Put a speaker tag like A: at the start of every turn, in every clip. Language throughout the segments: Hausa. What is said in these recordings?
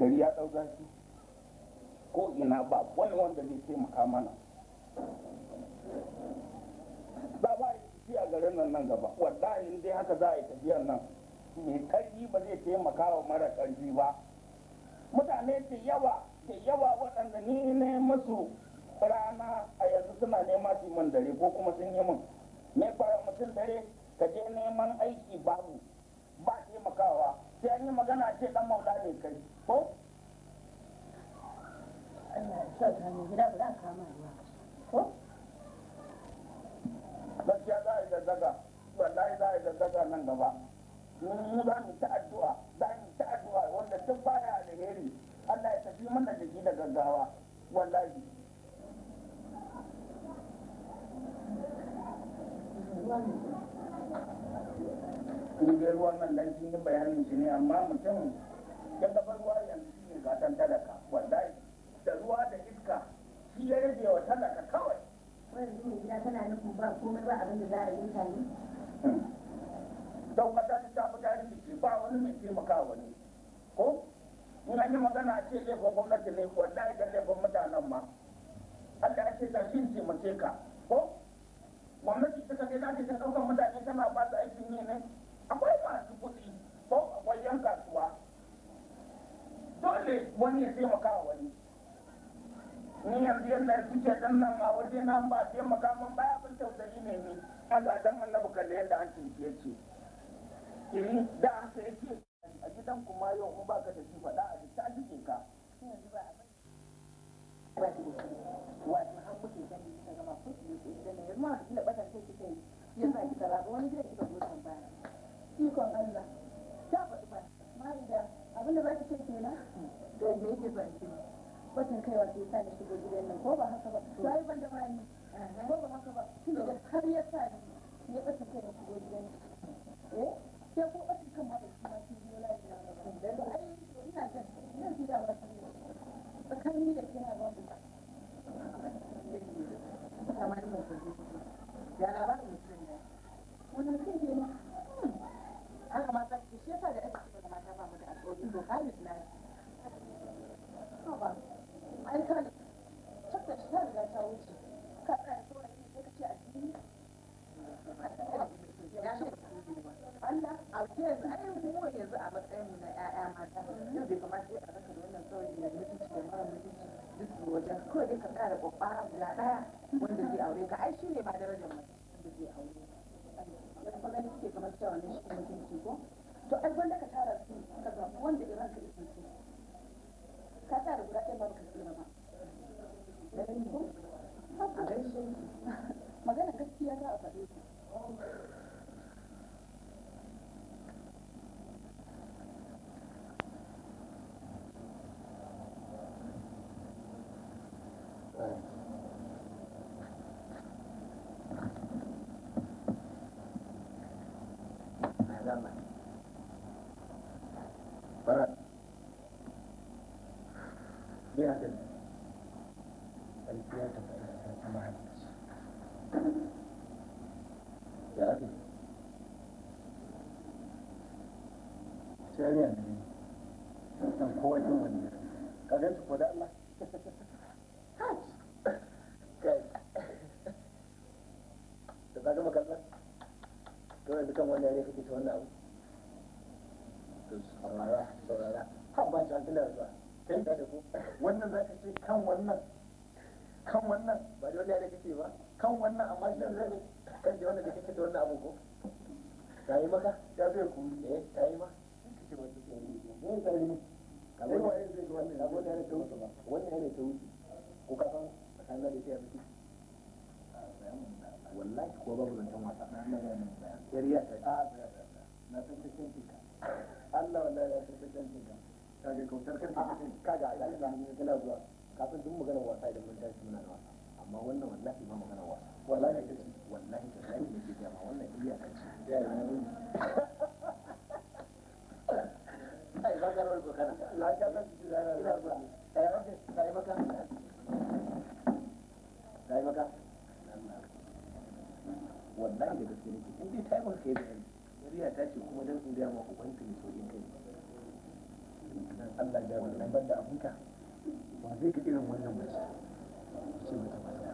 A: gari ya ɗau zafi ko ina ba wani wanda zai taimaka mana ba ba yi a garin nan nan gaba wallahi in dai haka za a yi tafiya nan mai karfi ba zai taimaka wa mara karfi ba mutane da yawa da yawa waɗanda ni ne masu rana a yanzu suna nema su man dare ko kuma sun yi min me fara mutum dare ka je neman aiki babu ba taimakawa sai an yi magana ce dan maula ne kai ko Allah ya sa gida ba za a kama ruwa ko gaskiya za a yi zazzaga wallahi za a yi zazzaga nan gaba mun za mu ta addu'a za mu ta addu'a wanda duk baya alheri Allah ya tafi mana da da gaggawa wallahi ruwan nan dan kin bayanin shi ne amma mutum ya kafa ruwa yanzu shi ne talaka wallahi da ruwa da iska shi ya rage wa talaka kawai wani zuwa tana nufin ba komai ba abin da za a yi mutane don kasa ta tafi ba wani mai taimaka wani ko in an yi magana ce laifin gwamnati ne wallahi da laifin mutanen ma Allah ya ce ta shi taimake ka ko gwamnati za ta ɗaukar mutane tana ba su aikin yi ne akwai dole wani ya taimaka wani ni yanzu yadda suke ɗan nan a waje na ba a taimaka min baya fi tausayi ne ni Allah dan annabi kalle yadda an cince ce iri da an sai ce a gidan kuma yau in ka da shi faɗa a ta jike ka wato an muke gani kika gama kuɗi ne idan ne yanzu ma kila batan sai kike yi yasa kika rago wani gida kika zo tambaya ikon Allah ta faɗi ba ma idan abin da za ki ce kenan da me yake kaiwa sa shigo gidan nan ko ba haka ba ban da ko ba haka ba da har ya sa ni ya kai shigo gidan eh ko kan ma da shi ma shi ai ina jan da ba shi tsakanin da kina ba ya labarin daga wajen kawai dai ka kara babba guda ɗaya wanda zai aure ka ai ne ba darajar mace wanda zai aure ka kuma ganin suke kamar cewa ne shi kuma kinki ko to ai wanda ka tara su ka zaɓi wanda iran ka isin su ka tara guda ɗaya ba ka tsira ba
B: da ko
C: a gaishe
A: magana gaskiya za a faɗe ta الزيادة الزيادة مع يا أخي ثانيا من قوة من قدرت قدر الله da ka gama karɓar to yanzu kan wani yare kake ta wannan abu to saurara saurara har ba shi an tilar zuwa canza da wannan za ka ce kan wannan kan wannan ba da wani kake ba kan wannan amma shi zai kan da wannan da kake da wannan abu ko ta yi maka ta zai ku eh ta yi ma wannan yana ko da a Allah wallahi ya san cikin kaga kautar kan ta kaga idan da ni kana zuwa kafin duk magana wasa idan mun tashi muna da wasa amma wannan wallahi ba wasa wallahi kace wallahi da zai ne ke amma wannan iya kace ya ai ba kana la ka ta maka maka wallahi da gaske in dai riya ta ce kuma dan in ga maka ubanta ne so Allah ya wannan ban da abinka ba zai ka irin wannan mace ce mata mata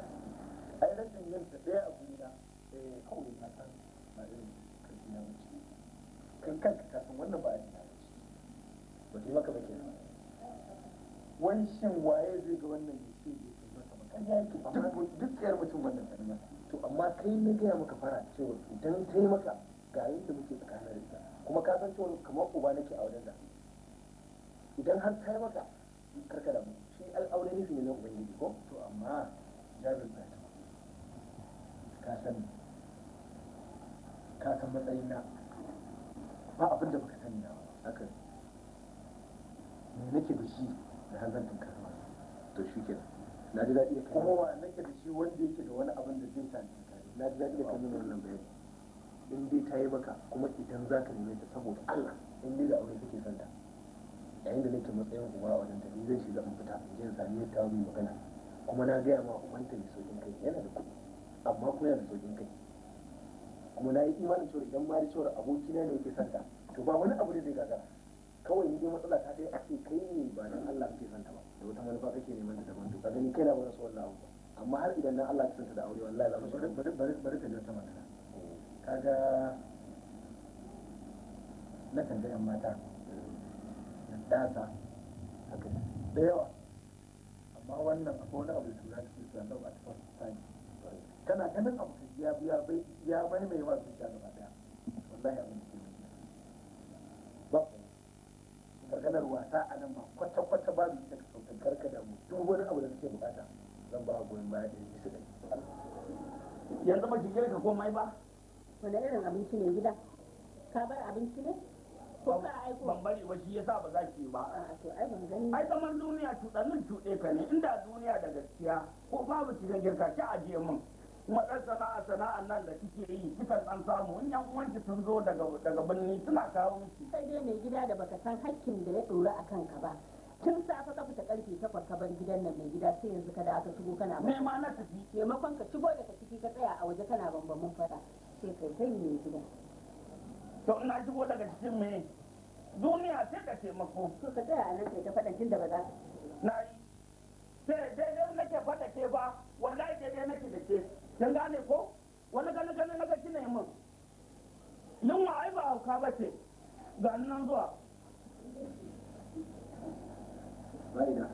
A: ai rashin yin ta ɗaya a gurina eh kawai na san ba irin karfi na mace kan kanka ka san wannan ba a mace ba ce maka ba
D: ke nan. Wani
A: shin waye zai ga wannan ya ce ya ce mata ba kan yaki amma duk tsayar mutum wannan sanin to amma kai na gaya maka fara cewa idan ta yi maka ga yadda muke tsakanin da kuma ka san cewa kamar uba nake a wajen da idan har kai maka karka da shi al'aure ne ne na ubangiji ko to amma jabir ba ta ka san ka san matsayin na ba abin da baka sani na haka me nake da shi da har zan tunkar
D: to shi ke
C: na ji daɗi da
A: kuma wa nake da shi wanda yake da wani abin da zai sa na ji daɗi da kai nuna wannan bayani in dai ta yi maka kuma idan za ka neme ta saboda Allah in dai da aure kake son ta yayin da nake matsayin uba a wajen tafi zai shiga in fita in sami yadda mu magana kuma na gaya ma ta mai sojin kai yana da kuɗi amma kuma yana da sojin kai kuma na yi imanin cewa idan ma da cewa abokina ne yake santa to ba wani abu da zai gagara kawai ni dai matsala ta dai ake kai ne ba dan Allah kake santa ba da wata manufa kake neman ta daban to kaga ni na wani so wannan abu amma har idan na Allah ya santa da aure wallahi za mu bari bari bari bari ka ji wata magana kaga na kan ga yan mata ɗata haka da yawa amma wannan akwai wani abu da tura cikin su annabi a tafar sani kana ganin abu ka ya biya bai ya bai mai wasu sha gaba daya wallahi abin da ke ba maganar wasa a nan ma kwata kwata ba mu ta sautan karka da mu duk wani abu da suke bukata zan ba goyon baya da yake suka yanzu ba ki girka komai ba wani irin abinci ne gida ka bar abinci ne ko ka aiko ban bari ba shi yasa ba za ki ba to ai ban gani ai zaman duniya cuɗannin cuɗe ka ne inda duniya da gaskiya ko babu cikin girka ki ajiye mun. matsar sana'a sana'an nan da kike yi kikan an samu in yan uwanki sun zo daga daga birni suna kawo miki sai dai mai gida da baka san hakkin da ya dora a ka ba tun safe ka fita karfe takwas ka bar gidan nan mai gida sai yanzu ka da aka shigo kana mai ma na tafi maimakon ka shigo daga ciki ka tsaya a waje kana bambamin fada sai kai kai mai gida to ina shigo daga cikin me duniya sai ce mako to ka tsaya nan kai ta faɗa jin da ba za na yi sai daidai nake faɗa ke ba wallahi dai nake da ke kin gane ko wani gani gani na ga kina min wa ai ba hauka ba ce ga nan zuwa fa'ida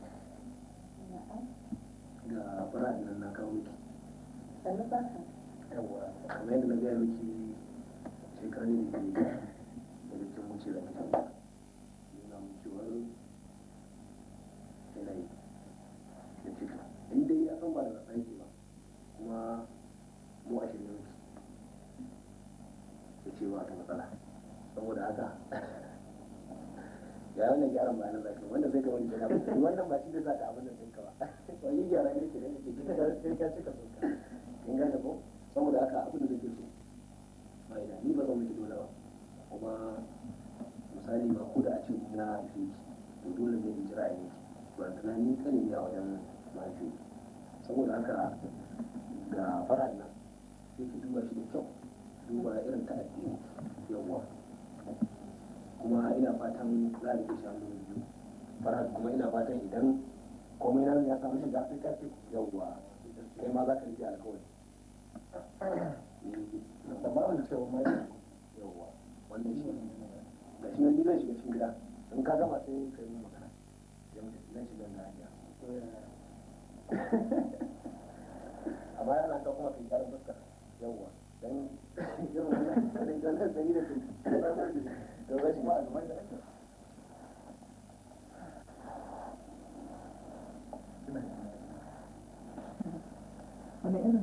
A: ga fara nan na kawo miki Sannu ba ka Yawwa, kamar yadda na gaya miki shekarun da ke daga ya san ba da
B: wasa ba kuma
A: mu ya ce ta matsala saboda haka wannan gyaran bayan zaka wanda zai ga wani ba wannan ba shi da zaka abin nan ɗinka ba wani gyara ne ke da ke ka cika kin gane ko saboda haka abin da zai so fa'ida ni ba zan miki dole ba kuma misali ba ko da a ce na haife ki to dole ne in ji ra'ayin ki ba tana ni kane ne a wajen mahaifi saboda haka ga fara'in nan sai ki duba shi da kyau duba irin ta addini yawwa kuma ina fatan za a rike shi hannu biyu fara'in kuma ina fatan idan komai na ya samu shiga sai ka ce yawwa kai ma za ka rike alkawari tsammanin cewa mai yawa wannan shi ga shi nan shiga cikin gida in ka gama sai ka yi magana shiga na hanya a baya na kuma kai karin fuska yawa dan irin wannan da ganin da ni da da ba shi da wani irin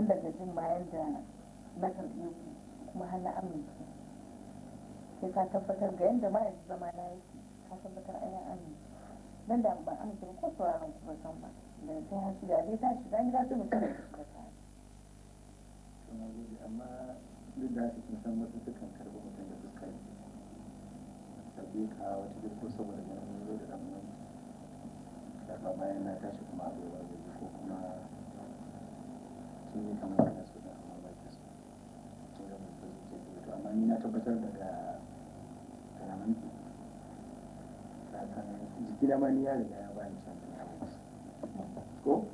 A: tun daga jin bayan da na karɓe kuma har na amince sai ka tabbatar ga yadda ma yanzu zama na yake ka tabbatar an yi amince nan da ban amince ba ko sauraron ku ba san ba da sai hasu da ta tashi da gida su mutum da suka tare.
B: amma duk da haka san wasu sukan karɓi mutum da fuska ne sabbi ka wata duk ko saboda ganin zo da ɗan karɓa bayan na tashi kuma abubuwa zai ko kuma shi ne kamar da su da amma ba ta so to
A: da to amma ni na tabbatar daga karaman jiki da mani ya riga ya ba ni ko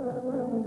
B: Thank you.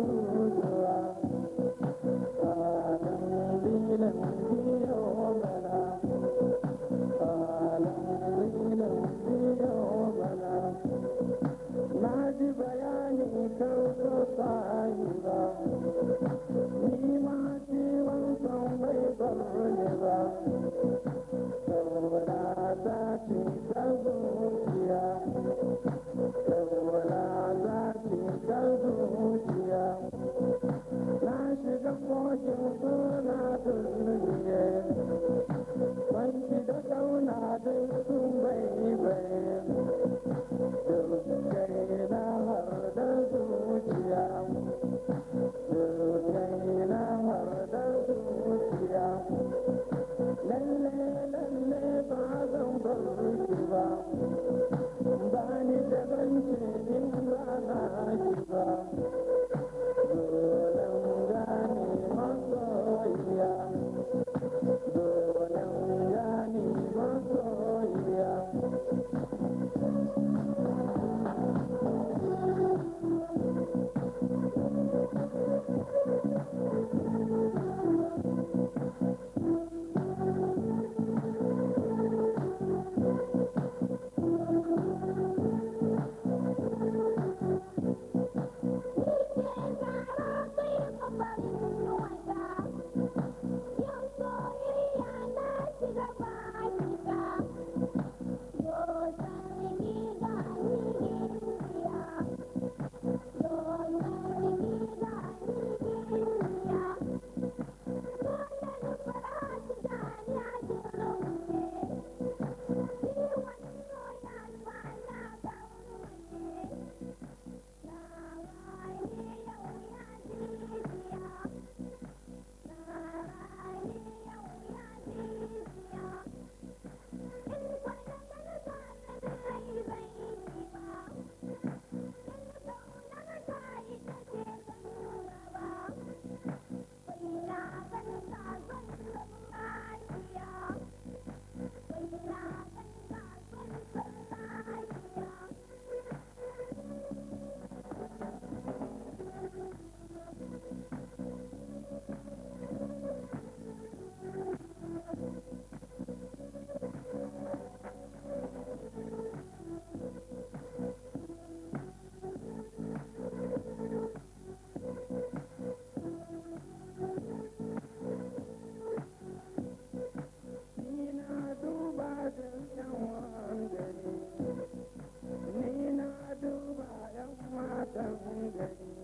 D: Thank you.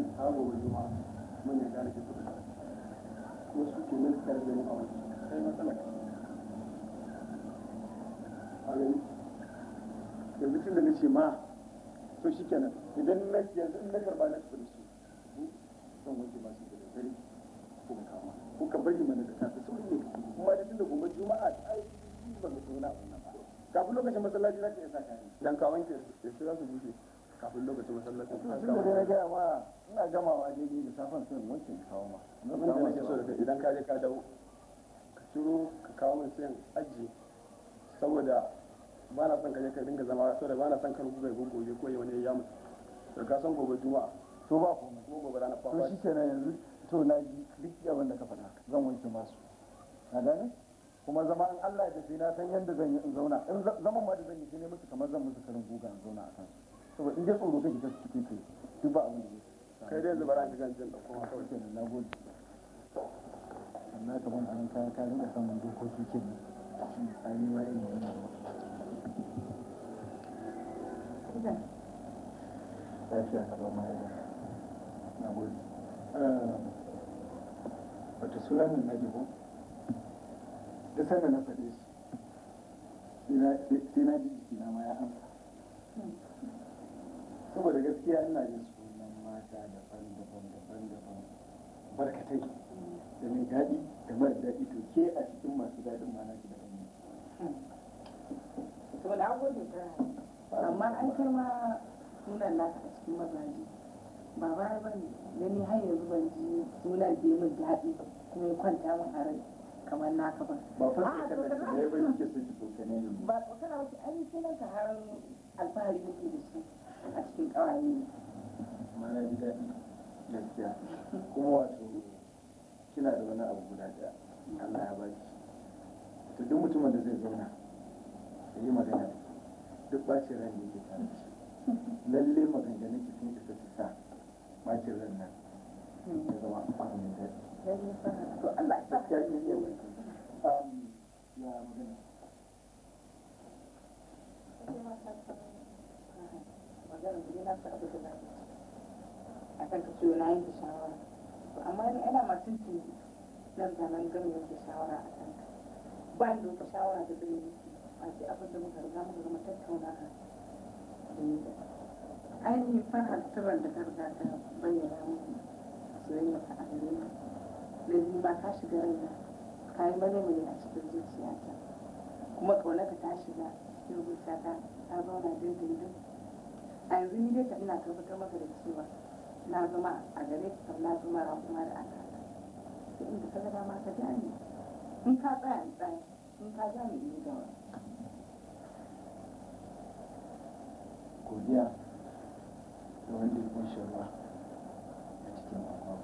A: ta gobe su ke nan da mu a wani sai matsala a gani yanzu tun da nace ma to shi kenan idan na yanzu in na karba na su zan wanke da dare ko ka kama ko ka bari mana da tafi ne kuma da gobe juma'a ai ba kafin lokacin masallaci za ka iya sa kayan dan ka wanke sai za su bushe kafin lokacin masallacin ka kama da na gaya amma ina gama wa daidai da safan sun wanke ka kawo ma abin da nake so da idan ka je ka dawo ka ciro ka kawo min sayan aji. saboda ba na son ka je ka dinga zama saboda ba na son ka rubuta gobe ko wani ya mutu da ka san gobe juma'a to ba ku mu gobe rana fa to shi shikenan yanzu to na ji duk abin da ka faɗa zan wanke masu na gane kuma zama in Allah ya tafi na san yadda zan yi in zauna in zaman ma da zan yi sai ne musu kamar zan musu karin guga in zauna a kansu saboda in dai tsoro kake ta cikin kai duk ba abin da kai dai ka gan jin dauko kawai ka ban ka rinka samun dokoki kenan shi ma na da eh, sanda na faɗe
B: shi sai na ji ma ya amsa hmm.
A: saboda gaskiya ina jin sunan mata daban-daban daban-daban barkatai da mai daɗi da mara daɗi to ke a cikin masu daɗin mana na ki daban ne.
B: to na gode ka amma an kai sunan naka a cikin mazaje
A: ba baya ba ne gani har yanzu ban ji sunan da min daɗi kuma ya kwanta min a rai kamar naka ba. Ba fa ka kana da ya bai kike so ki tsokane ne. Ba tsokana ba ki an sunan ka har alfahari da ke da shi. a cikin ƙawaye mana ji daɗi gaskiya kuma wato kina da wani abu guda ɗaya Allah ya baki to duk mutumin da zai zauna ya yi magana duk bacin ran da yake tare shi lalle ki sun sa bacin ran nan ya zama amfani da daɗi to Allah ya sa um,
D: ya magana Thank you. maganar
A: guri na sabu da nan a kan na shawara to amma ni masu nan da nan shawara a kan shawara da ainihin fara turan da ka riga ka bayyana ta ka shiga raina ka yi a cikin zuciyata kuma ƙaunaka ta shiga cikin zuciyata ta zauna dindindin a yanzu ni dai ina tabbatar maka da
B: cewa na zama a gare ka na zama kuma da aka sai inda ka zama dama ka jami
A: in ka tsaya in tsaya in ka jami in wa.
D: godiya da wanda ya
B: kunshi ruwa a cikin Ba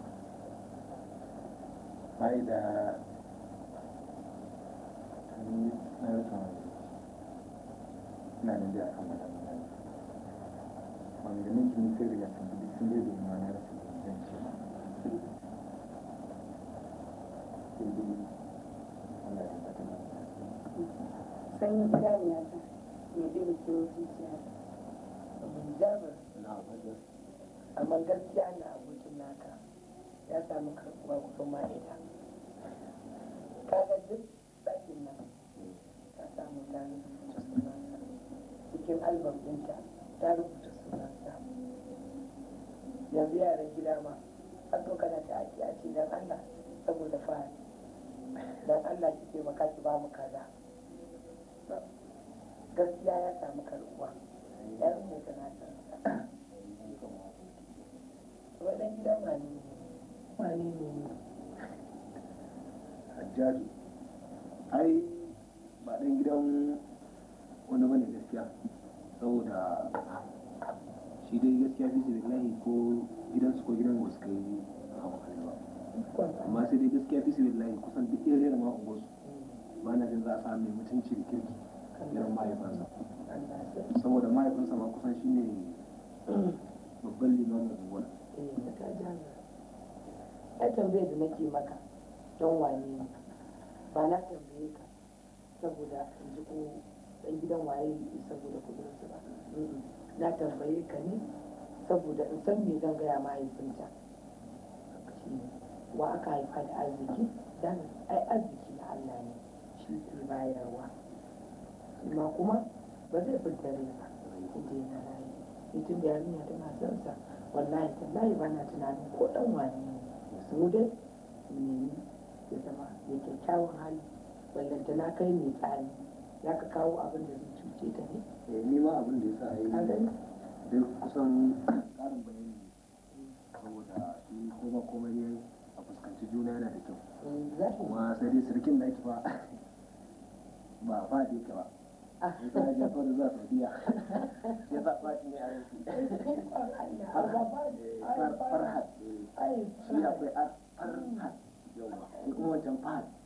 B: bai da na rasa wani ina da da ba maganganun su sai da sun
D: bi sun yi domin ranar su zan ce ma
B: sanyi kariya ta
A: mai ɗin ke zuciya jabar amma gaskiya na abokin naka ya samu karɓuwa kusan ma'aida kaga duk ɗakin nan ta samu ta cikin albam ta rubuta yanzu yaran gida ma an zo kana ta ake a ce dan Allah saboda fara dan Allah ki maka ki ba mu kaza gaskiya ya samu karɓuwa yaran mu tana ta wannan gida ma ne ma ne ne Hajjaju ai ba dan gidan wani bane gaskiya saboda shi dai gaskiya fi sabilillahi ko gidansu ko gidan wasu kai hawa arewa amma sai dai gaskiya fi sabilillahi kusan duk irin rera ma unguwarsu ba na jin za a samu mutunci da kirki irin mahaifansa saboda mahaifinsa ma kusan shi ne babban limamin unguwar eh, ai tambayar da nake maka don wane ne ba na tambaye ka saboda in ji ko dan gidan waye saboda kudinsu ba na tambaye ka ne saboda in san me zan gaya mahaifinta wa aka haifa da arziki dan ai arziki na Allah ne shi ke bayarwa amma kuma ba zai fitare ba inda yana rayu mutum da yarinya tana son sa wallahi tallahi ba na tunanin ko dan wani ne su dai nemi ya zama mai kyakkyawan hali ballantana kai mai tsari za ka kawo abin da zai cuce ta ne eh ni ma abin da yasa yi duk kusan karin bayani saboda shi koma komai ne a fuskanci juna yana da kyau kuma sai dai sirkin da ake fa ba ah. fa da ba yasa ya jafa da za ta biya ya za ba ne a yanzu eh, farhat shi akwai farhat kuma wancan farhat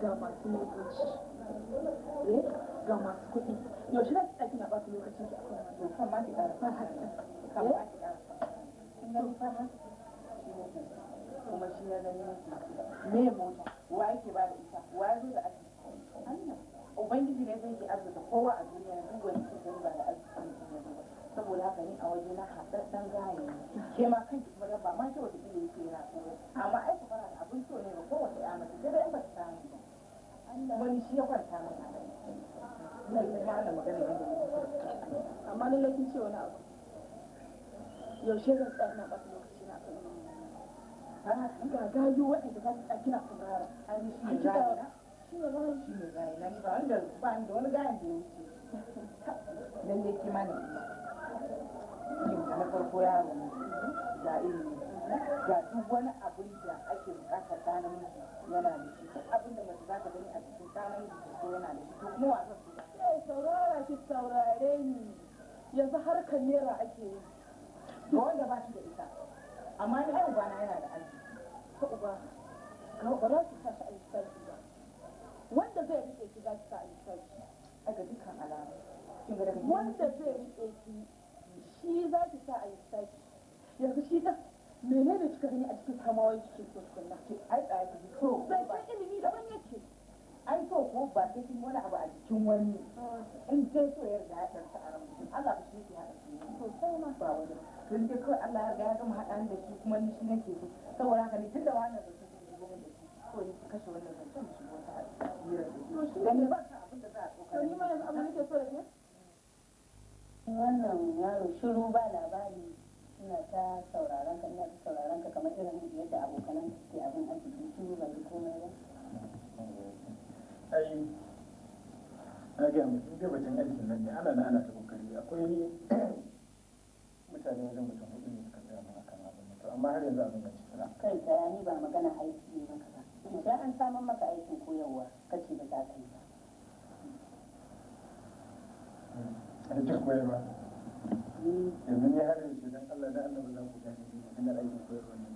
A: ga masu motoci ga masu kuɗi yaushe na ki ɗaki na ba su lokacin ki akwai ma ki ba har kan kuma shi ya me mota wa yake ba da ita wa ya zo da arziki ubangiji ne zai yi arzika kowa a duniya duk wani ke ba da arziki saboda haka ni a waje na haɗaɗɗen gaye ke ma kan kuma dabba ma shi wata iya yake na ko amma ai ku fara abin so ne ga kowace ya mace sai dai ba ta samu wani shi ya kwanta min
D: a rai na yi ma na magana yadda ne
A: amma lallai kin ce wani abu yaushe zan tsaya na ɓata lokaci na kan ga gayu waɗanda za su tsaya kina saurara an shi ne gayi na shi ne gayi shi ne gayi na ni ba wanda ba ni da wani gayan da ya wuce lalle kimanin
D: yin na farko yaro ne ga ilimi ga duk wani abin
A: da ake bukatar ɗa namiji yana da shi duk abin da mace za ka gani a cikin ɗa namiji ko yana da shi to kuma wasan su ya saurara shi saurare ni yanzu harkar naira ake yi ga wanda ba shi da ita amma ni ai ubana yana da aiki ko uba ga ba za su tashi a lissafi ba wanda zai rike shi za su sa a lissafi a ga dukkan alama wanda zai rike ki shi za ki sa a lissafi yanzu shi ta mene da kika gani a cikin samawa kike so kunna ke ai tsaya ki so ba ta ilimi da ban yake ai so ko ba sai kin wani abu a cikin wani ah. in sai so ya riga ya tsarsa a ramu Allah ba shi yake hada shi to sai ma ba wani tun dai kawai Allah ya riga ya gama hada da shi kuma ni shi nake so saboda haka da su ji gobe da shi ko ni kashe wannan zancen shi hira da
C: shi dan ba ka abin da za a tsoka ni ma yanzu abin da nake so da ke wannan yaro
A: shiru ba labari ina ta sauraron ka ina ta sauraron ka kamar irin yadda abokanan ke abin arziki shiru ba komai ba ai na gaya mutum dai bacin aikin nan ne ana na ana ta kokari akwai mutane wajen mutum hudu ne suka tsaya mana kama da mutum amma har yanzu abin da ci suna kai tsaya ni ba magana aiki ne maka ba idan an samar maka aikin koyarwa kace ba za ka yi ba
D: hmm. a ta koyarwa
A: yanzu ne har yanzu dan Allah da Allah za ku gane ne ina aikin koyarwa ne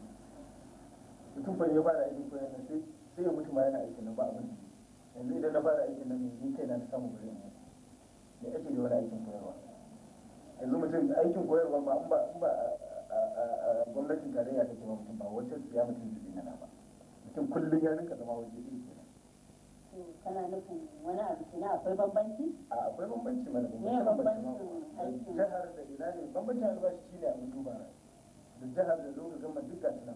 A: mutum bai ya fara aikin koyarwa sai sai ya mutu ma yana aikin nan ba abin yanzu idan na fara aikin nan ni kaina na samu bare ne da ake da wani aikin koyarwa yanzu mutum aikin koyarwa ba in ba ba gwamnatin tarayya take ba mutum ba wacce ya mutum zai na ba mutum kullum ya rinka zama waje ɗin kana nufin wani abu na akwai bambanci a akwai bambanci mana ne bambanci jihar da ina ne bambancin albashi a abin duba da jihar da lokacin gama duk gasu nan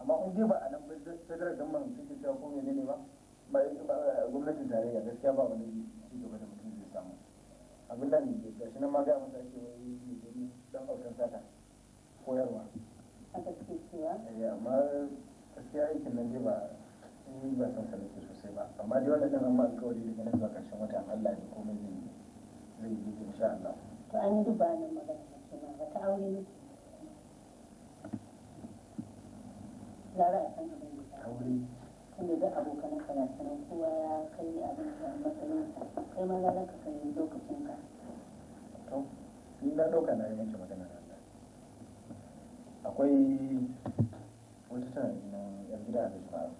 A: amma in dai ba a nan bai federal government suke cewa ko ne ne ba ba gwamnatin tarayya gaskiya ba wani ci gaba da mutum zai samu abin da ne gashi nan ma ga mun ake wani dan aukan sata koyarwa
D: A suke cewa eh amma
A: gaskiya aikin nan dai ba ba san sanin sosai ba amma dai wanda ɗan amma alkawari daga nan zuwa ƙarshen wata Allah ne komai zai yi zai yi insha Allah to an yi duba nan magana ke ma ba ta aure ne gara a san abin da aure tunda duk abokan kana na kowa ya kai abin da matsayin sa kai ma gara ka kai lokacin ka to ni na ɗauka na yi mace magana na Allah. akwai wata tana nan yan gida da shi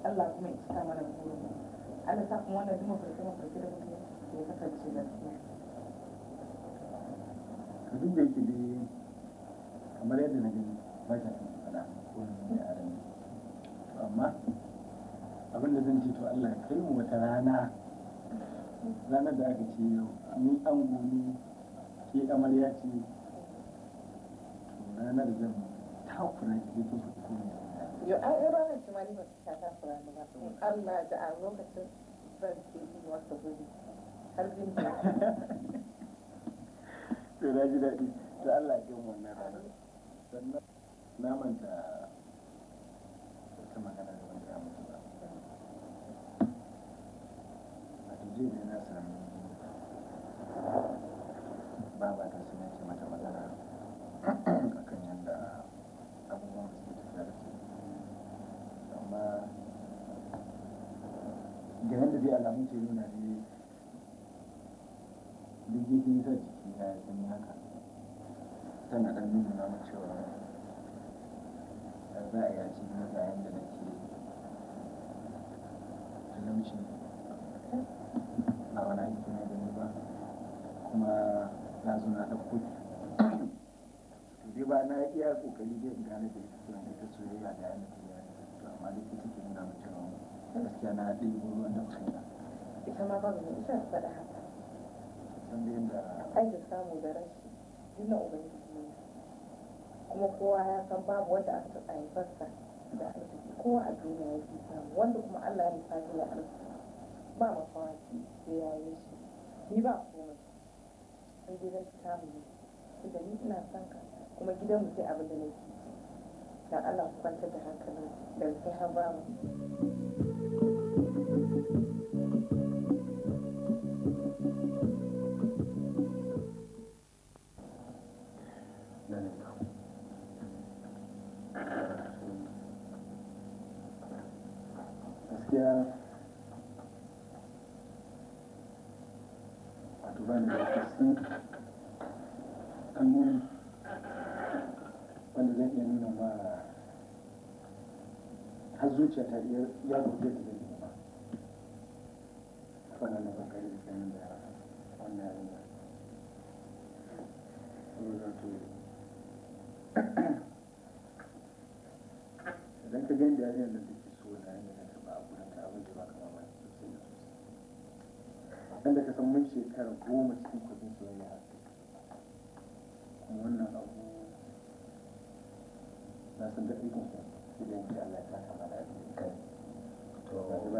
A: Allah kuma ya cika mana burin Allah ta
D: kuma wannan duma farko ma farko da muke ya kasance gaskiya
A: duk da yake dai kamar yadda na gani ba shi kan fada ko ne a ran amma abin da zan ce to Allah kai mu wata rana ranar da aka ce yau ni an goni ke amarya ce to ranar zan takura ki zai to su komai yau an yi ranar shi ma ni ba ta fara fura ba in Allah da a lokacin zan ce in wata gobe har jin da to na ji daɗi da Allah ya gama wannan ranar sannan na manta magana da wanda ya mutu ba
B: a tuje da na sami ba ta ce mata magana
A: da yadda dai alamun ke nuna ne duk yi sa jiki na ya sani haka tana ɗan nuna na cewa da za a yaci na ga da na ke talauci a wani aiki na gani ba kuma na zo na ɗauko to dai ba na iya ƙoƙari dai in gane da ita soyayya da yadda a gaskiya na ɗebo ruwan da kaina
B: ita ma babu mai isa faɗa haka
A: san da yadda ai
B: da samu da rashi dina ubangiji kuma kowa ya san babu wanda aka taɓa haifarsa
A: da arziki kowa a duniya ya fi samu wanda kuma Allah ya nufa shi da arziki ba
B: mafawaki sai ya yi shi ni ba
A: komai sai dai rashi samu ne da ni ina son ka kuma gidan mu sai abin da nake da Allah ku kwanta da hankali
B: da sai ha wanda iya
A: nuna ma har zuciya ta iya ya buge da zai ba
B: wannan na bakari da kanin da wannan yaron da
A: idan ka gani da yaren da ke so na yin da ba a gudun ta abin da ba kama ba sosai da sosai dan ka san mun shekara goma cikin kudin soyayya kuma wannan abu na san daɗin kansa idan ki Allah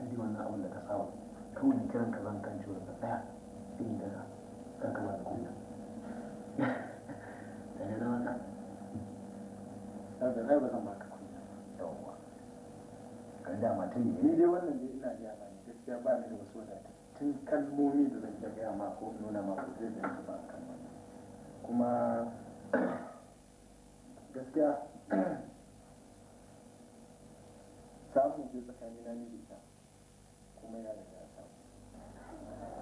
A: hankali da wannan abin da ka saba kawai kiran ka zan kan ciwo ka tsaya in da ka kama da kuma da ne zama ka da zai ba zan baka kunna yawwa kan da mutum ne ni dai wannan dai ina ji ba ni gaskiya ba ni da wasu wadata tun kalmomi da zan iya gaya mako ko nuna ma ko zai zai ba kan kuma gaskiya samun ke tsakanin na miji kuma yana da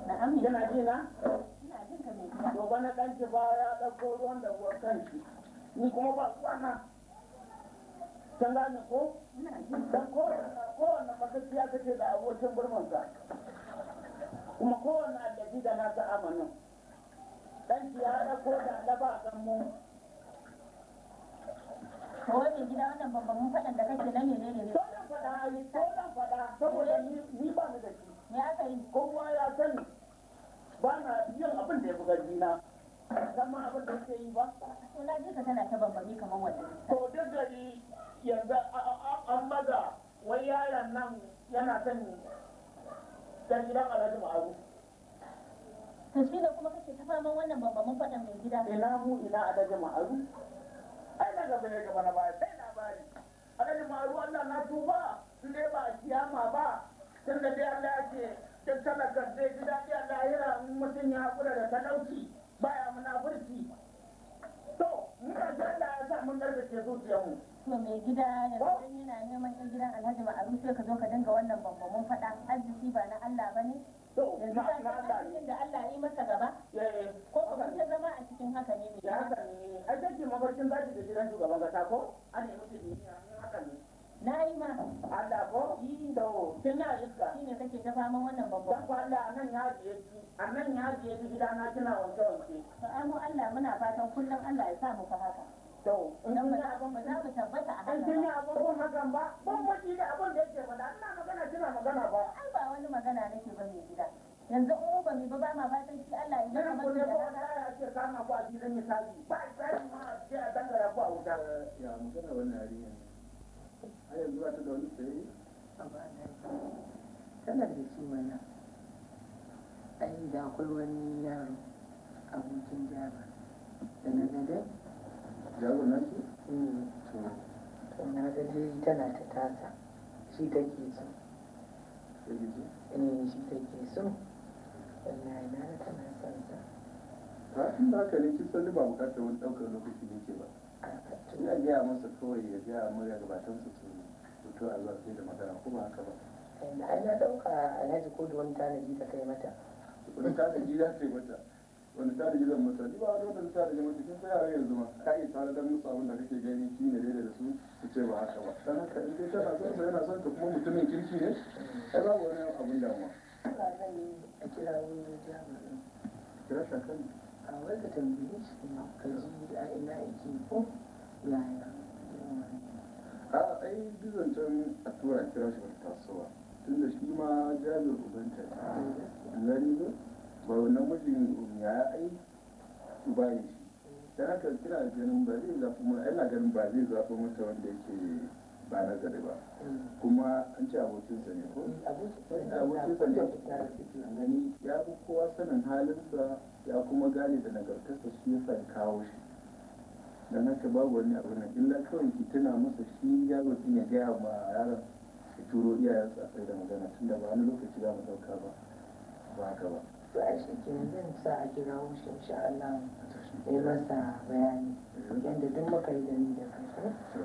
A: yana ji na ina jin ka mai to bana dan ji ba ya dauko ruwan da uwar kanshi ni kuma ba kwana can gane ko dan ko kowanne magaskiya kace da abokin gurmansa kuma kowanne addabi da na nasa amanin dan ya dauko da alaba kan mu wai ne gida wannan babban fadan da kake na menene ne ko
C: zan faɗa ai ko zan faɗa saboda
A: ni ba ni da shi me aka yi kowa ya sani ba na yin abin da ya buga jina zama abin da yake yi ba to na ji ka tana ta bambami kamar wannan to duk gari yanzu an maza wai yaron nan yana son dan gidan alhaji ma'aru to shi ne kuma kake ta faman wannan bambamin fadan mai gida ina mu ina alhaji ma'aru ai na gaba ne gaba na baya sai labari alhaji maru Allah na duba su ne ba a kiyama ba tun da dai Allah ya ce duk talakar zai ji daɗi a lahira mutum ya haƙura da talauci baya munafurci to muna ga Allah ya sa mun garbace zuciyarmu to mai gida yanzu dan yana neman ɗan gidan alhaji ma'aru sai ka zo ka dinga wannan bambamin faɗa arziki ba na Allah ba ne yanzu ba da Allah ya masa gaba eh, eh. ko kuma zama a mafarkin zaki da jiran shugaban kasa ko an nemi su ne hakan ne na yi ma Allah ko yi da o tun na iska shi ne kake ta faman wannan babban dan ko Allah a nan ya ajiye ki a nan ya ajiye ki gida na kina wanke wanke to ai mu Allah muna fatan kullum Allah ya sa mu fa haka to in ba za mu tabbata a haka in abun hakan ba ban wani da abun da yake faɗa ina magana kina magana ba ai ba wani magana nake ba mai gida yanzu in ba mai ba ba ma fatan shi Allah idan ka mutu da ya ce ka kama ku a filin misali ba sai ma ce a dangara ku a wuta ya magana wannan yarinya a yanzu ba ta da wani tsaye
B: tana da shi mana ai da akwai wani yaro abokin jaba
A: da na gada jaba na mm, shi? to da gaje tana ta tasa shi take so eh shi take so wallahi na ga tana son sa ta da haka ne kin ba bukatar wani daukar lokaci ne ke ba tun ya gaya masa kawai ya gaya murya gabatan su su fito a zuwa sai da magana kuma haka ba na ai na dauka alhaji ko da wani tanaji ta kai mata wani tanaji za ta yi mata wani tanaji zan mata ni ba wani wani tanaji mata kin sai yaran yanzu ma ka iya tare da musu abin da kake gani shi ne daidai da su su ce ba haka ba dan haka in dai tana son sa yana son ka kuma mutumin kirki ne ai babu wani abin damuwa Ana zan yi a kira wani jami'in. Kira shakan? A wanda shi ka ji a ina yake ko yaya. A ai a tura kira shi tasowa. Tunda shi ma jami'in ubanta. Zani ne? Ba wannan mijin ai shi. kira ganin ba zai zafi mana, ina ganin ba zai zafi mata wanda yake ba a gari ba mm. kuma an ce abokinsa ne ko mm, eh, abokinsa ne gani ya fi kowa sanin halinsa ya kuma gane da nagartarsa shi yasa ya kawo shi don haka babu wani abu na illa kawai ki tuna masa shi ya din ya gaya ma yaron ya turo iyayensu a sai da magana tunda ba wani lokaci za mu dauka ba ba haka ba to a shi kenan zan sa a kira shi insha Allah ya masa bayani eh. yadda duk muka yi da ni da kai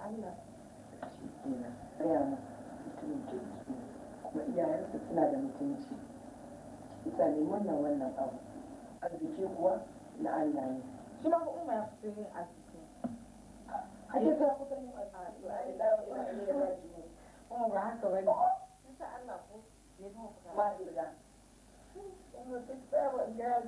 A: Allah shi kenan tsaya mutumin kirki kuma iyayensa suna da mutunci ita ne wannan wannan abu arziki kuwa na Allah
C: ne shi ma
A: ku umma ya fi yin arziki
C: ake ta kusa yin arziki
A: kuma ba haka ba ne
C: yasa Allah ko ya yi mafuka ba
A: ila
B: kuma duk tsaya wa gaya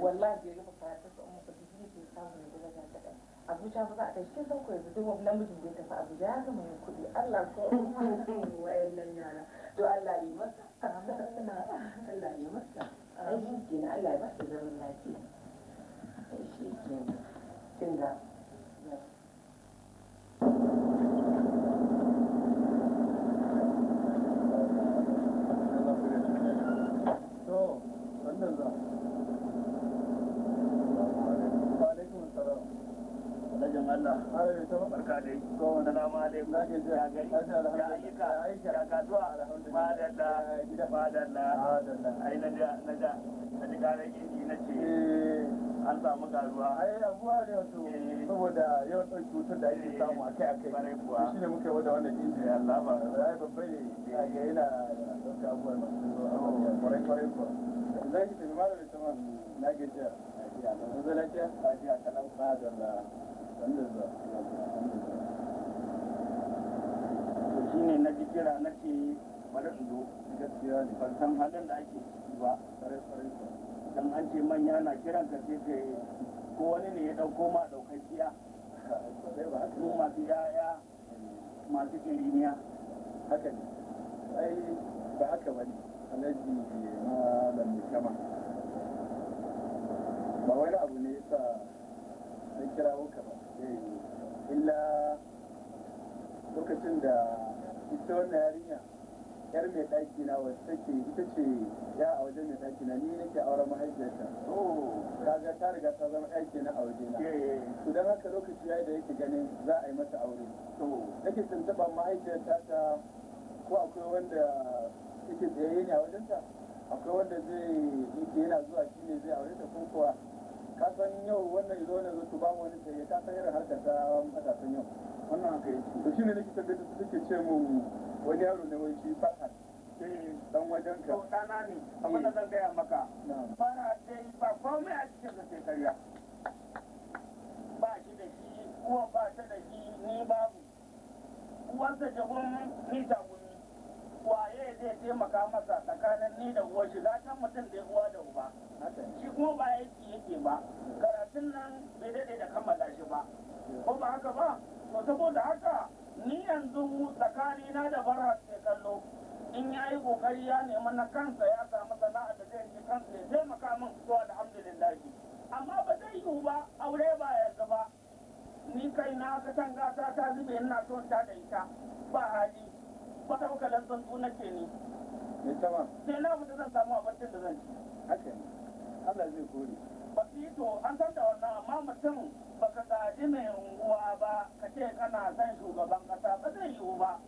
B: wallahi bai rufe karatunsa umma ba yi bai samu
A: abuja ba za a tashi san ko yanzu duk namijin da ya tafi abuja ya gama yin kuɗi allah ko nan yara to allah yi masa allah yi masa ai shi kenan allah ya masa zaman lafiya shi kenan salamu alaikum ya gari ya ayyuka ya kasuwa madalla madalla ai na da na da na ji karar inji na ce an samu karuwa ai
B: abuwa ne wato
A: saboda yawan ɗan cutar da ake samu akai akai bare kuwa shi ne muka wada wannan inji ya Allah ba ai babba ne a ga yana ɗauka abuwa masu kwarai kwarai kuwa zai ki tafi malamin saman na gajiya a jiya na zalaciya a jiya kalan ba da wanda zuwa shine na ji kira na ce bari su zo gaskiya ne ban san halin da ake ciki ba tsare tsare an ce manya na kiran ka sai ka ko wani ne ya dauko ma daukakiya mu masu yaya
B: masu kiriniya
A: haka ne ai ba haka alaji na kama ba wani abu ne yasa an kira ba eh, illa lokacin da ita wannan yarinya yar mai ɗaki na take ita ce ya a wajen mai ɗaki na ni nake auren mahaifiyarta oh. kaga ta riga ta zama ɗaki na aure na to don haka lokaci ya da yake ganin za a yi mata aure nake tuntuɓa mahaifiyarta ta ko akwai wanda take tsayayye ne a wajenta akwai wanda zai yi yana zuwa shi ne zai aure ta kuma ka san yau wannan izo ne zo ba mu wani tsaye ta san irin harkar ta matasan yau wannan haka yake to shine likita tabbata suke ce mu wani yaro ne wai shi fakat dan wajen ka to dana ne abin da zan gaya maka fara dai ba komai a cikin da sai karya ba shi da shi uwa ba ta da shi ni babu uwarsa jagon ni jagon waye zai taimaka masa tsakanin ni da uwa shi can mutum da uwa da uba shi kuma ba aiki yake ba karatun nan bai daɗe da kammala shi ba ko ba haka ba to saboda haka ni yanzu tsakani na da bara ke kallo in ya yi kokari ya nemi na kansa ya samu sana'a da zai yi kansa ya taimaka min to alhamdulillah amma ba zai yiwu ba aure ba yanzu ba ni kai na ka tanga ta ta zube ina son ta da ita ba hali kwata uka nan tsuntsu na ke ni me tama sai na mutu zan samu abincin da zan ci haka ne Allah zai kore ba an san da wannan amma mutum baka gaji mai unguwa ba ka ce kana son shugaban kasa ba zai yiwu ba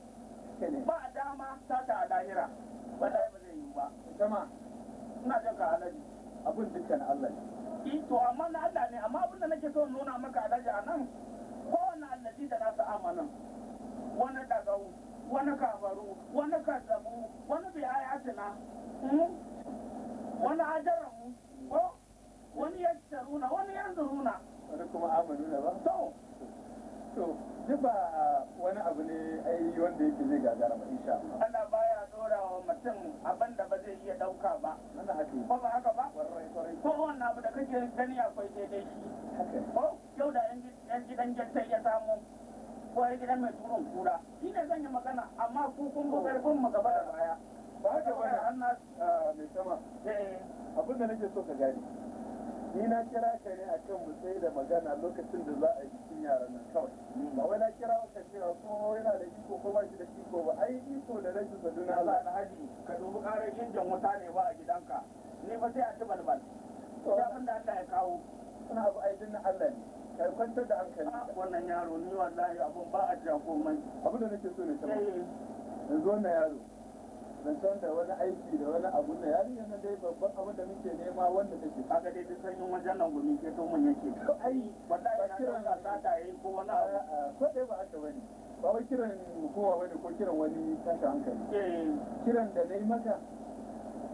A: ba a dama sata a lahira ba dai ba zai yiwu ba tama ina jin ka alaji abin dukkan Allah ne eh, to amma na Allah ne amma abin da nake so nuna maka alaji a nan kowane allazi da nasa nan, wani dagau wani kafaru wani kazzabu wani asina hmm? wani ajaramu ko wani ya yastaruna wani ya zuruna wani kuma amanuna ba to to duk ba wani abu ne ai wanda yake zai gagara ba insha Allah Allah baya dora wa mutum abin da ba zai iya dauka ba wannan haka ba ba haka ba ko wannan abu da kake gani akwai daidai shi ko yau da yan gidan gidan ya samu ko ya gidan mai turon kura shi ne zan yi magana amma ku kun ga karfin mu gaba da baya ba haka bane an mai sama eh. abin da nake so ka gani ni na kira ka ne akan mu tsaye da magana lokacin da za a yi cikin yaran nan kawai mm. ba wai na kira ka cewa ko yana da iko ko ba shi da iko ba ai iko da rashin sa duna Allah alhaji ka dubi karar shinjin wuta ne ba a gidanka ni ba sai a ci balbal ya abin da Allah ya kawo suna abu ai na Allah ne kai kwantar da hankali wannan yaro ni wallahi abun ba a ja komai abin da nake so ne ta eh. yanzu wannan yaro san da wani aiki da wani abu na yari yana dai babban abu da muke nema wanda take kaga dai duk sanyin wajen nan gumi ke to mun yake ai wallahi na kiran ka sata yayi ko wani abu ko dai ba haka bane ba wai kiran kowa bane ko kiran wani tashin hankali eh. kiran da nayi maka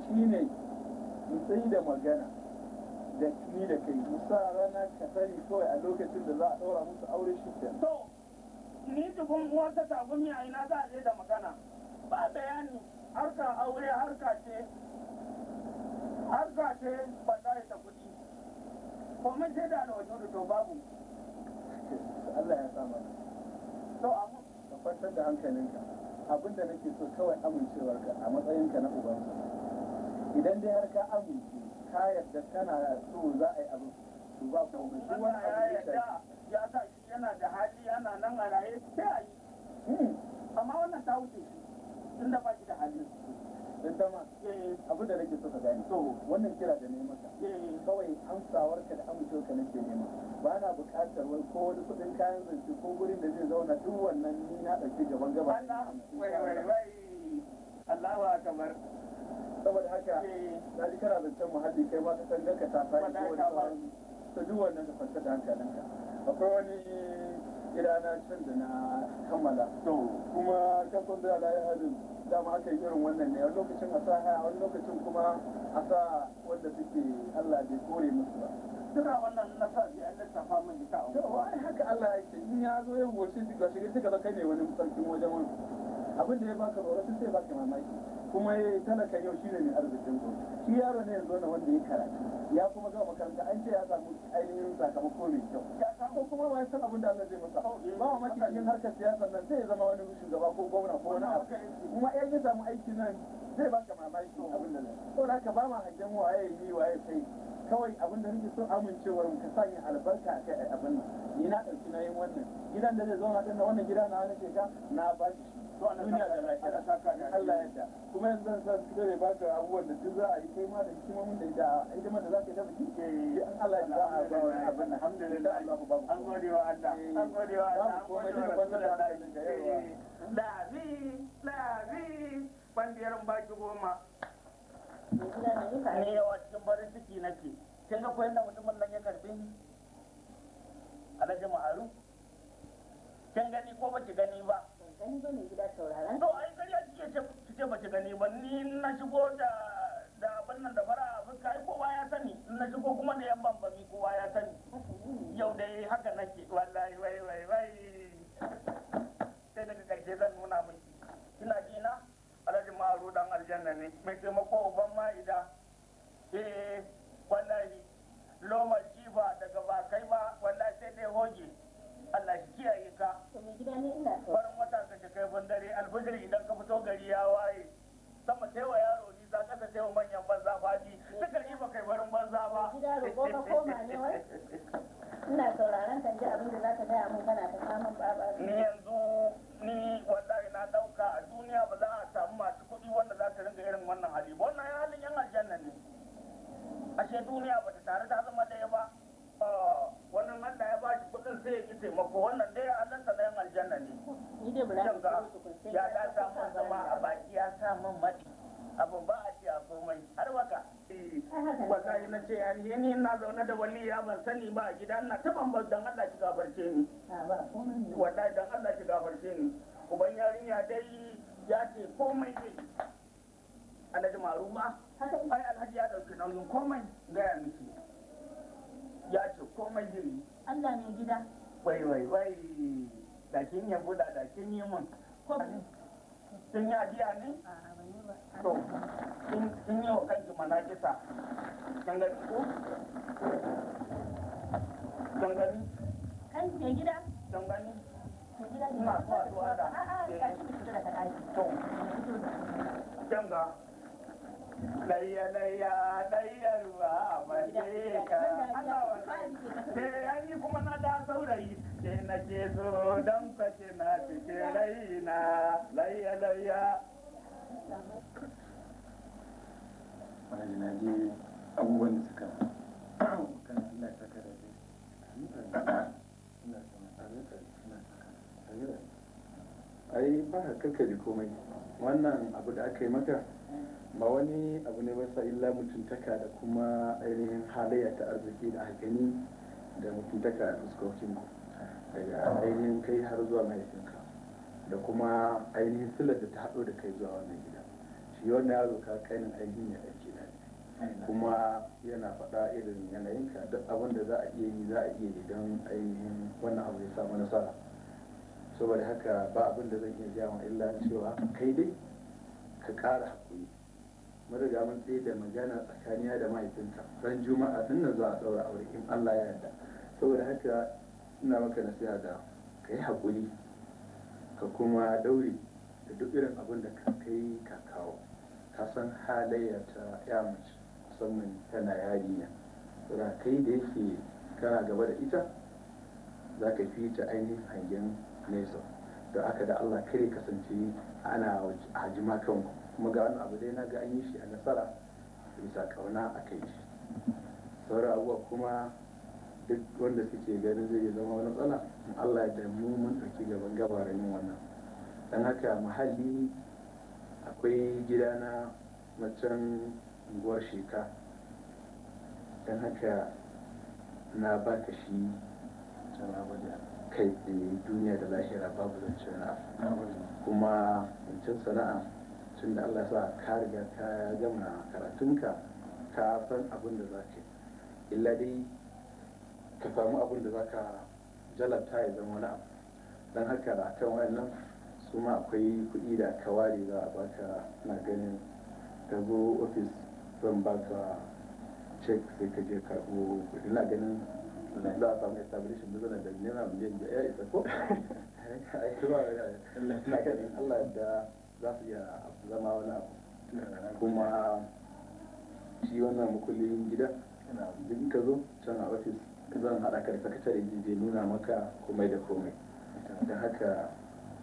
A: shine mu tsayi da magana da ni da kai musa rana ka sani kawai a lokacin da za a ɗora musu aure shi ke to ni tukun uwar ta tagumi a ina za a je da magana ba bayani harka aure harka ce harka ce ba za ta kuɗi komai sai da alwajo da to babu Allah ya sa mana to amma ka kwantar
B: da hankalinka
A: abinda nake so kawai amincewarka a matsayinka na ubansa idan dai har ka amince ka yarda kana so za a yi abu Su ba ko shi wani abu da ya sa shi yana da hali yana nan a raye sai a yi hmm. amma wannan ta wuce shi tunda ba shi da hali dan dama eh. abu da nake so ka gani to wannan kira da ne maka eh. kawai amsawar ka da amincewarka nake nema ba na buƙatar wai ko wani kuɗin kayan zance ko gurin da zai zauna duk wannan ni na ɗauki gaban gaba
B: Allah wai wai wai Allahu akbar saboda haka
A: na ji kana zancen muhalli kai ma ka tangar ka ta sai ko wani to duk wannan da kwanta da hankalinka akwai wani gida can da na kammala to kuma kan son da ala halin dama aka yi irin wannan ne wani lokacin a sa haya wani lokacin kuma a sa wanda suke Allah bai kore musu ba suna wannan nasa ya lissafa min ita a wani haka Allah ya ce in ya zo yin goshi ga shi ga kai ne wani sarkin wajen wani abin da ya baka ba wani sai baka mamaki kuma ya eh, yi talaka yau shi ne mai arzikin su shi yaro ne yanzu wanda ya karatu ya kuma gama makaranta an ce ya samu ainihin sakamako mai kyau ya kuma ba san abin da Allah zai masa ba wa matakin harkar siyasa nan sai ya zama wani shugaba ko gwamna ko wani abu kuma yan ya samu aiki nan zai baka mamaki abin da ko da haka ba ma hangen waye yi waye sai kawai abin da nake so amincewar mu, ka sanya albarka a kai abin nan ni na ɗauki na wannan gidan da zai zauna ɗin wannan gida na wani na ba shi duniya da lafiya saka Allah yadda kuma yanzu zan san kare baka abubuwan da duk za a yi kai ma da hikimomin da da ma da za ka yi da Allah ya ba ba wani abin alhamdulillah Allah an gode wa Allah an gode wa Allah an gode wa Allah labi labi bandiyarin baki goma ne yawa cikin barin ciki nake kin ga koyan da mutumin nan ya karbe ni alhaji ma'aru kin gani ko baki gani ba gani ba ne gida sauraron. To ai gari a kike ce kike ba ki gani ba ni na shigo da da abin nan da fara abin kai kowa ya sani na shigo kuma da yan bambami kowa ya sani. Yau dai haka nake wallahi wai wai wai. Sai daga karshe zan nuna miki. Kina ji na? Alhaji Ma'aru dan aljanna ne mai taimako ban ma'ida. Eh wallahi lomar jifa daga ba kai ba wallahi sai dai hoge. Allah shi kiyaye ka
D: farin
A: wata ka shi kai dare alfijir idan ka fito gari ya waye sama sai wa yaro ni za ka sai wa manyan banza faɗi suka yi ba kai barin banza ba
C: ina sauraron ta ji abin da za ka gaya mun kana ta samun baba ni yanzu ni
A: wallahi na dauka a duniya ba za a samu masu kuɗi wanda za ta ringa irin wannan hali ba wannan halin yan aljanna ne ashe duniya ba ta tare ta zama ɗaya ba ah, zai ki taimako wannan dai Allah sa nan aljanna ne ya ta samu zama a baki ya samu mati abin ba a ce a komai har waka yi na ce yanzu je ni na zaune da waliya ban sani ba a gida ina ta bambar dan Allah ki gafarce ni wallahi dan Allah ki gafarce ni uban yarinya dai ya ce komai ne alhaji ma ai alhaji ya dauki nauyin komai gaya miki ya ce komai zai yi
C: Allah ne gida
A: wai wai wai da kin yabo da da kin yi mun kin yi ajiya ne to yi wa kanki mana kisa kin ga ko kin gani kai ne gida kin gani ina so a da a'a ka shi da ka to ga layya layya layya ruwa ka an kuma na da saurayi ke nake so dan kace na cike raina layya layya ba ka kankari komai, wannan abu da aka yi maka ba wani abu ne ba illa mutuntaka da kuma ainihin halayya ta arziki da hakani da mutuntaka a ku daga ainihin kai har zuwa mahaifinka da kuma ainihin silar da ta haɗo da kai zuwa wannan gida shi wanda yaro ka kainin ainihin ya aiki na kuma yana faɗa irin yanayinka duk abin da za a iya yi za a iya yi don ainihin wannan abu ya samu nasara saboda haka ba abin da zan iya gaya illa cewa kai dai ka ƙara haƙuri mun riga mun da magana tsakaniya da mahaifinta ran juma'a tun nan za a saura aure in Allah ya yarda saboda haka ina maka nasiha da ka yi haƙuri ka kuma daure da duk irin abin da ka kai ka kawo ka san halayya ta ya mace musamman tana yarinya saboda kai da yake kana gaba da ita za ka fi ta ainihin hangen nesa da aka da Allah kare kasance ana hajima kanku kuma ga wani abu dai na ga an yi shi a nasara bisa kauna a kai shi sauran abuwa kuma duk wanda suke ganin zai zama wani matsala in allah ya damu mun ɗauki gaban gabara yin wannan don haka mahalli akwai gida na macen unguwar sheka don haka na baka shi kai tsaye duniya da lahira babu zancen kuma zancen sana'a tun da Allah sa ka riga ka gama karatunka ka san abin da za ka illa dai ka samu abin da za ka jalabta ya zama wani abu don haka a kan wannan su ma akwai kuɗi da aka ware za a baka na ganin ka zo ofis zan baka cek sai ka je karɓo kuɗi na ganin za a samu establishment da zana da nema miliyan da ya isa ko? Allah da za su iya zama wani abu kuma shi wannan makullin gida duk ka zo can a ofis zan haɗa ka da sakatare zai nuna maka komai da komai da haka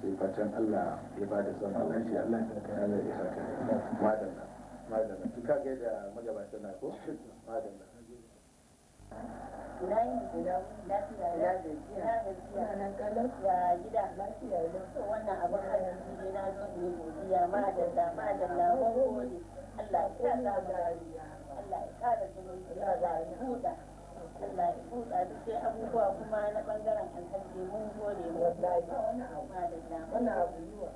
A: sai fatan Allah ya ba da son Allah shi Allah ya saka madalla madalla duka ga da magabatan na ko madalla ina yin nan gida lafiya ina so wannan abin arziki ne na ne godiya ma da da ma da Allah ya sa Allah ya kara Allah ya kusa duk sai abubuwa kuma na bangaren alhaji mun gode mu wani abu yi wa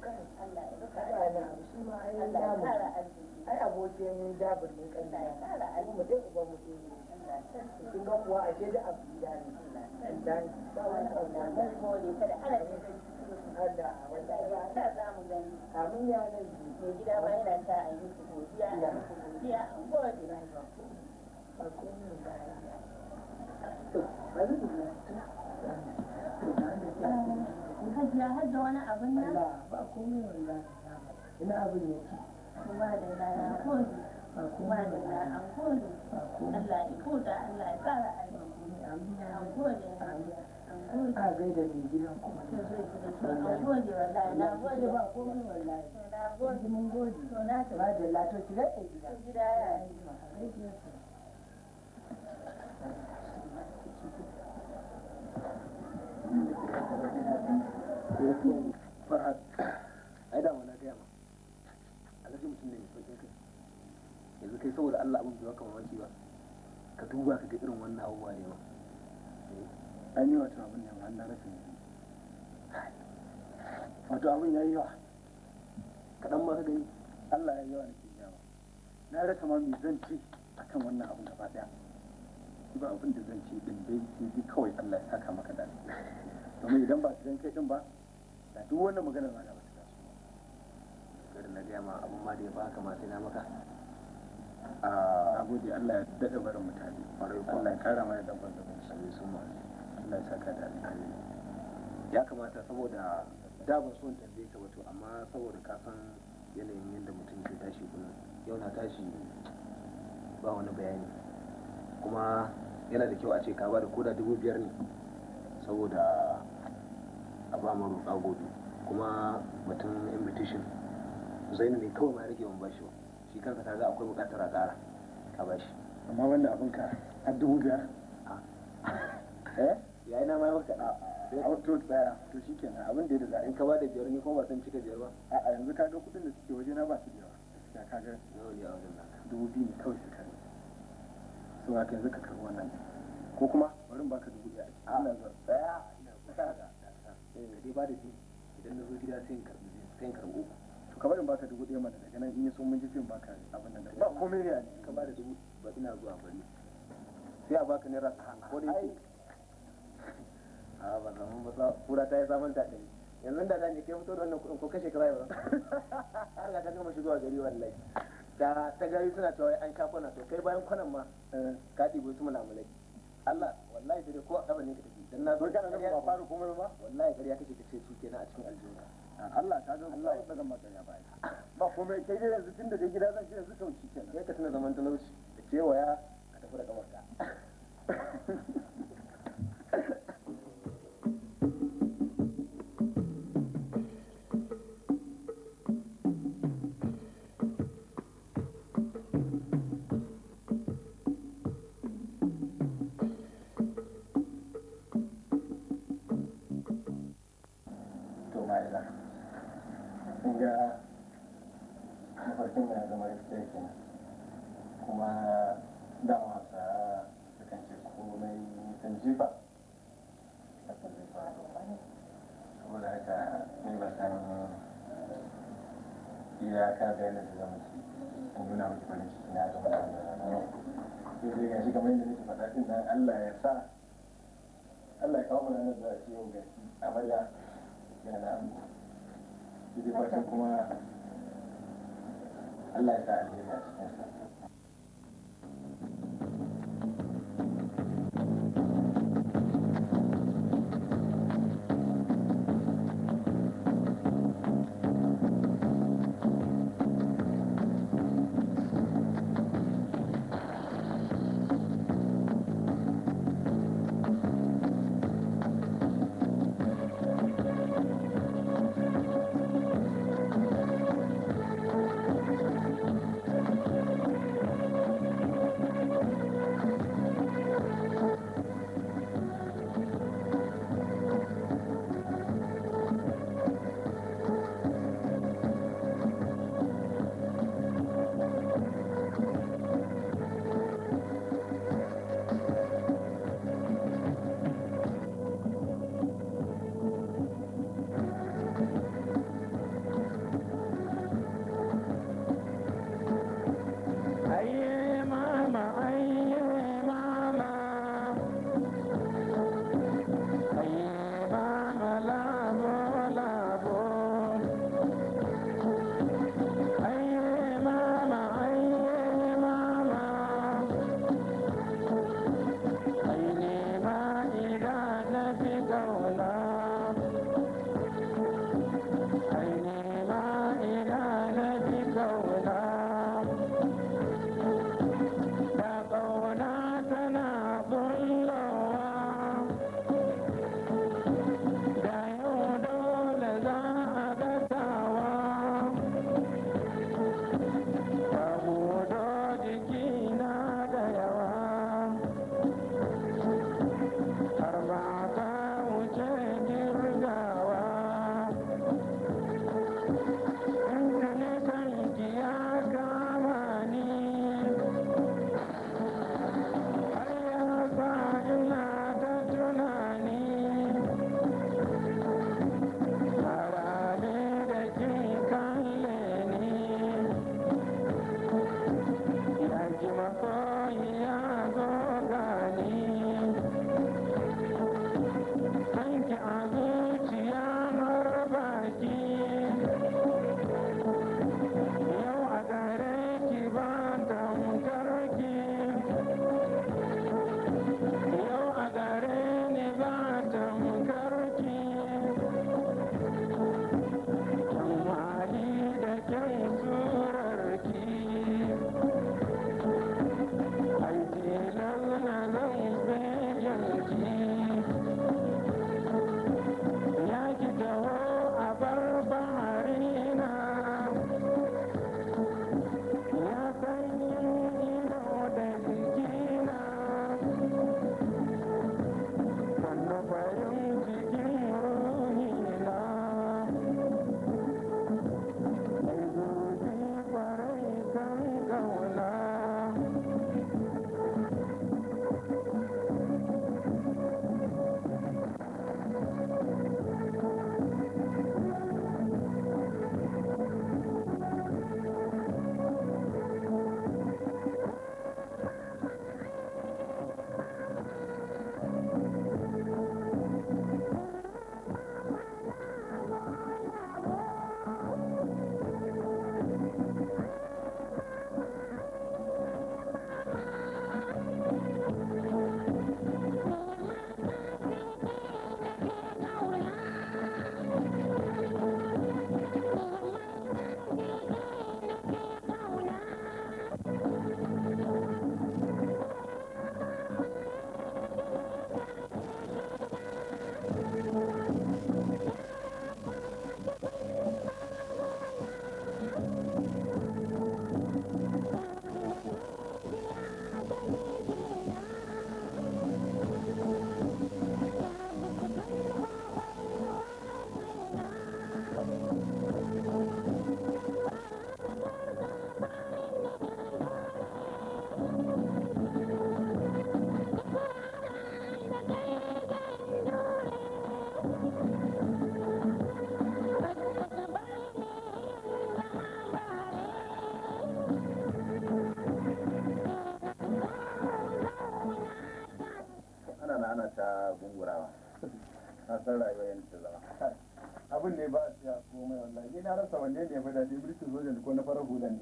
A: Allah ya saka wani abu shi ma ya ai kan ya kara mu dai mu dai kin ga kuwa da abu da ne wani abu da mun gode kada Allah ya sa za mu gani amin ya nan gida ba yana a yi godiya godiya an gode ba ko Hajiya har wani abin nan? Ba komai wallahi. Ina abin yake. Ba da kuma da rana ko ne. Allah ya kuda Allah ya tsara albarku. Amin. An gode. A gaida mai gidan kuma. An gode wallahi. Na gode ba komai wallahi. Na gode. Mun gode. To na ta. Ba da lato ki da gida. Gida ya yi. farhad ai da wani gaya ma alhaji mutum ne mai sauƙin kai yanzu kai saboda allah abin biyuwa kamar wanki ba ka duba ka ga irin wannan abubuwa ne ba. an yi wato abin ne an na rashin wato abin ya yi yawa kaɗan ma ka gani allah ya yi yawa nake yawa na rasa ma mai zan ci kan wannan abin gaba ɗaya ba abin da zan ce bai dai kawai allah ya saka maka da domin idan ba su dan kai din ba da duk wannan maganar ma da ba ta taso garin na gaya ma abun ma da ya baka ma sai na maka ah, a gode Allah ya daɗa barin mutane Allah ya kara mana da ban da ban sai su ma Allah ya saka da alƙali ya kamata saboda da ban so in tambaye ka wato amma saboda ka san yanayin yadda mutum ke tashi kullum yau na tashi ba wani bayani kuma yana da kyau a ce ka ba da koda dubu biyar ne saboda a ba mu roƙa gobe kuma mutum invitation zai ne kawai ma rage ban bashi ba shi kansa kaga akwai buƙatar a ƙara ka bashi amma wanda abin ka a dubu biyar ah. eh yayi na mai maka a to tsaya to shikenan abin da ya daga in ka ba da biyar ne kuma ba san cika biyar ba a yanzu ga kuɗin da suke waje na ba su biyar ka ga nawa ne a wajen naka dubu biyu ne kawai suka rage saboda yanzu ka karɓi wannan ko kuma bari ba baka dubu Eh, dai ba da biyu idan na zo gida sai in karbi sai uku to ka bari ba ka dubu ɗaya mana daga nan in ya so mun ji fim ba ka abin nan ba ko komai ne ka ba da dubu ba ina zuwa bari sai a baka naira ko dai yake a ba zan ba sa kura ta yi zaman ta ɗari yanzu da zan je kai fito da wannan kuɗin ko kashe ka bai ba har ga ta gama shigowa gari wallahi da ta gari suna cewa an sha kwana to kai bayan kwanan ma eh, ka ɗibo su mulamulai Allah wallahi dare ko a ne ka tafi dan na zo kana nan ba faru kuma ba wallahi gariya kake kace su kenan a cikin aljihu Allah ka ga Allah ya daga maka ya bai ba kuma kai dai yanzu tunda dai gida zan shi yanzu kauci kenan kai ka tuna zaman talauci da kewaya ka tafi da kamar kamarka ka san rayuwa yana ta zama abin ne ba a siya komai wallahi ni rasa wanne ne mai daɗi mulkin sojan ko na fara hula ne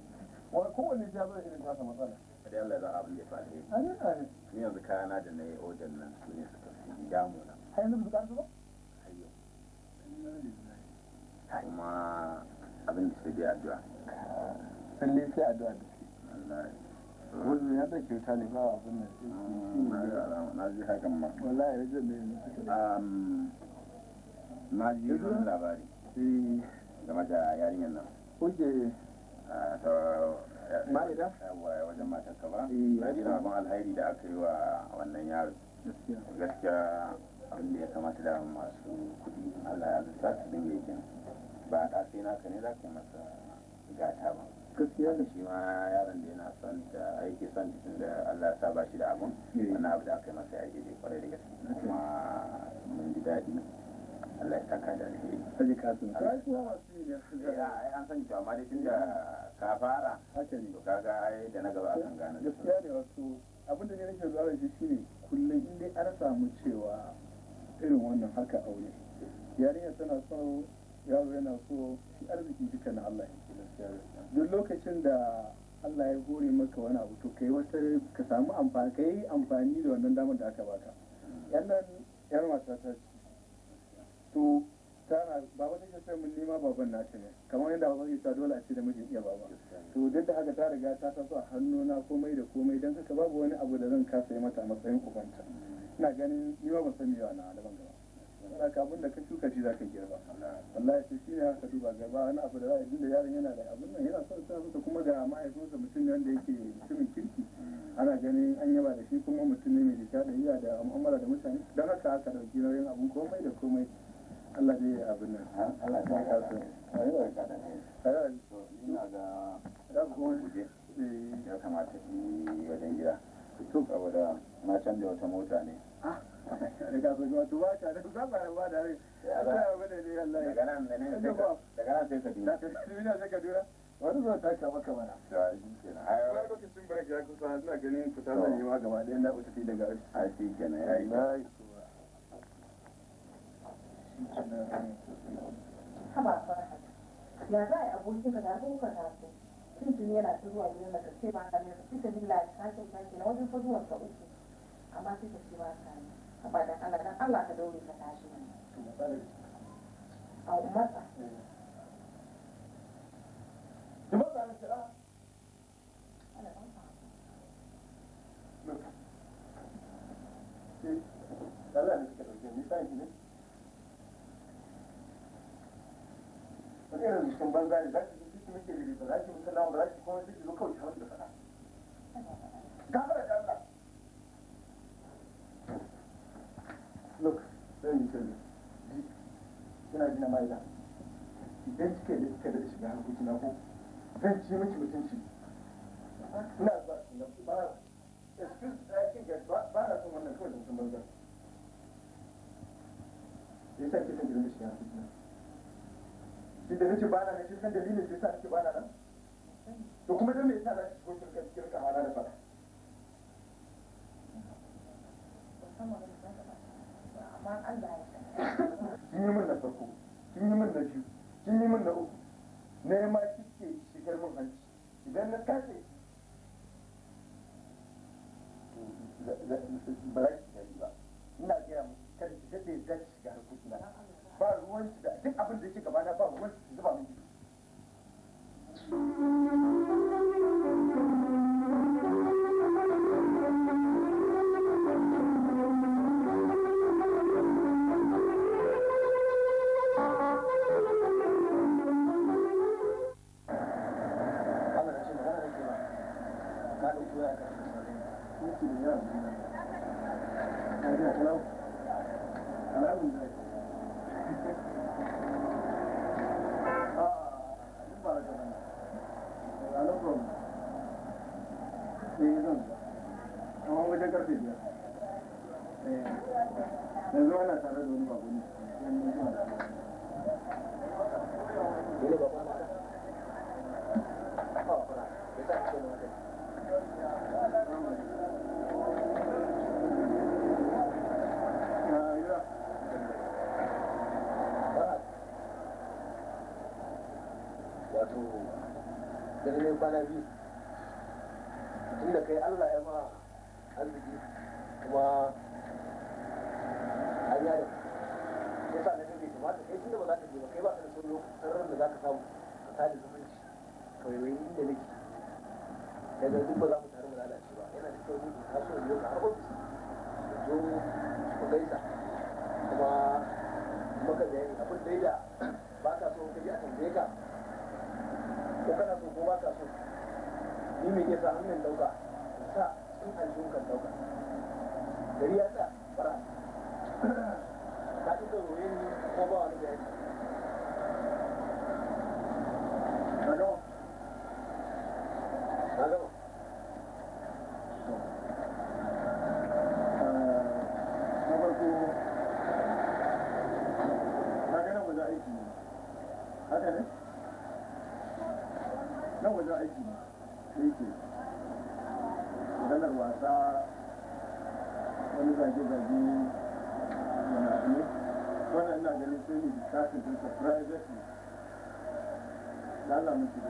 A: wani kowanne ya zo irin tasa matsala da Allah za a abin ne ya ne, ni yanzu kayana da na yi odan nan su ne suka fi damu na A yanzu ba su ba kuma abin da addu'a sai addu'a da wannan ya da kyauta ne ba abin nan na ji hakan ma wallahi rajin ne
B: na ji wani labari
A: eh. game da yarinyar nan oke
B: ah, ma'ida wajen matar ka ba eh, na ji labin alhairi da aka yi wa wannan yaro gaskiya abin da ya kamata da masu kuɗi Allah ya zuta su dinga ba a sai naka ne za ka yi masa gata ba gaskiya ne shi ma yaron da yana son ta aiki son tun da
A: Allah ta ba shi da abun eh. wannan abu da aka yi masa ya kwarai da gaske eh. kuma mun ji daɗi Allah ya saka da alheri aji ka an san cewa dai tun da ka fara haka ne to kaga ai da na gaba akan gane gaskiya ne wasu abinda ne nake zuwa da shi ne kullum in dai an samu cewa irin wannan haka aure yarinya tana so yaro yana so shi arziki na Allah ya ke gaskiya duk lokacin da Allah ya gore maka wani abu to kai wata ka samu amfani kai amfani da wannan damar da aka baka yan nan wata ta to tana baba take sai mun nema baban nata ne kamar yadda baba yake dole a ce da mijin iya baba to duk da haka ta riga ta taso a hannuna komai da komai dan haka babu wani abu da zan kasa yi mata matsayin ubanta ina ganin ni ba san me na da bangaren saboda ka abin da ka shuka shi za ka girba wallahi sai shi ne haka duba gaba wani abu da za a yi da yaron yana da abin nan yana son sa masa kuma ga mahaifinsa mutum ne wanda yake mutumin kirki ana ganin an yaba da shi kuma mutum ne mai jika da iya da mu'amala da mutane don haka aka ɗauki nauyin abin komai da komai Allah dai ya abin nan Allah ta ka so ayyuka ka da ne ina ga da kuma guje
D: eh.
A: ya kamata ni wajen gida to saboda na canza wata mota ne ah. riga su kuma tuba ta da zaba ba da rai ya ta yi a a yi abokin yana zuwa ce ba ka ne kashe kashe na wajen fa zuwa uku amma sai ka ba ka ne haba Allah dan Allah ka ka tashi a umarta ki matsa ni kira Allah ne kika ni ki ne Wani irin cikin banza ne za ki ji cikin muke da za ki mutu za ki kuma ji kawai ta faɗa. na maila idan kika yi kika da shiga harkoki na ko zan ci miki mutunci ina zuwa na ba excuse ba na son wannan kawai sun banza yasa kike son gidan shiga harkoki na shi da nace ba na nan shi kan dalilin da yasa nake ba na nan to kuma dan me na za ki shigo kirkan kirkan hana da fada ba. na farko, kin yi min na biyu kin yi min na uku na ma kike shigar min hanci idan na tashi ba za ki gani ba ina gaya mu kada ki daɗe za ki shiga harkokin na ba ruwan shi da duk abin da yake gabana ba ruwan shi zuba min ido can wajen aiki ne yake ganar wasa wani zage-zage wani ne wannan ina ganin sai ne discussion din shi da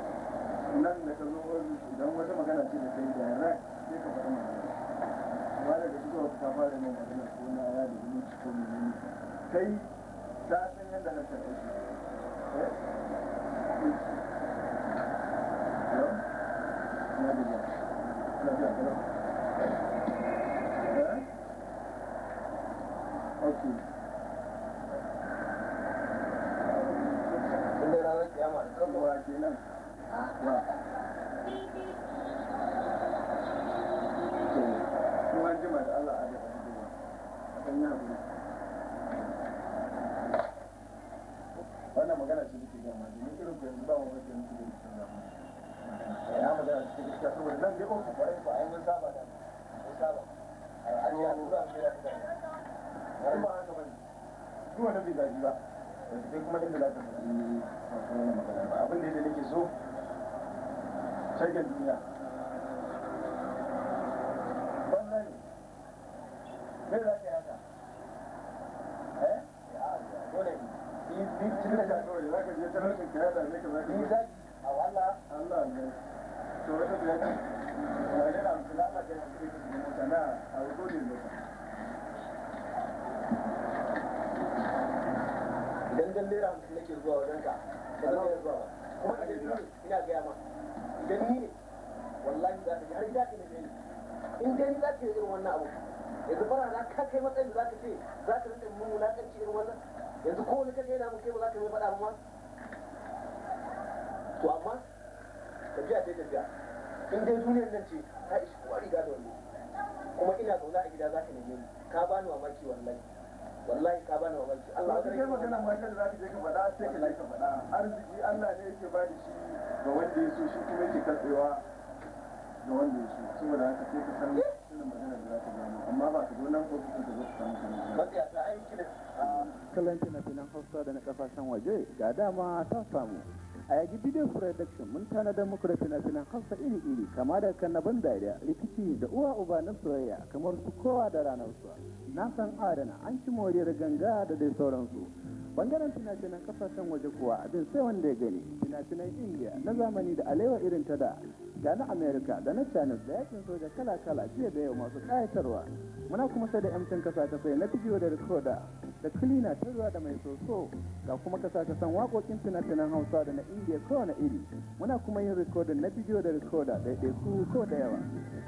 A: kallon fina-finan hausa da na kasashen waje ga dama ta samu a yaji video production mun tanadar muku da fina-finan hausa iri-iri kama da kannaban dariya rikici da uwa uba na soyayya kamar su kowa da ranar su na san adana an ci moriyar ganga da dai sauransu bangaren fina-finan kasashen waje kuwa abin sai wanda ya gani fina-finan indiya na zamani da alewa irin ta da da na amerika da na china da yakin soja kala kala jiya da yau masu kayatarwa muna kuma sai da yamcin kasa ta sai na bidiyo da rikoda da kilina ta ruwa da mai soso ga kuma kasa ta san wakokin tunatunan hausa da na indiya kowane iri muna kuma yin rikodin na bidiyo da rikoda da su ko da yawa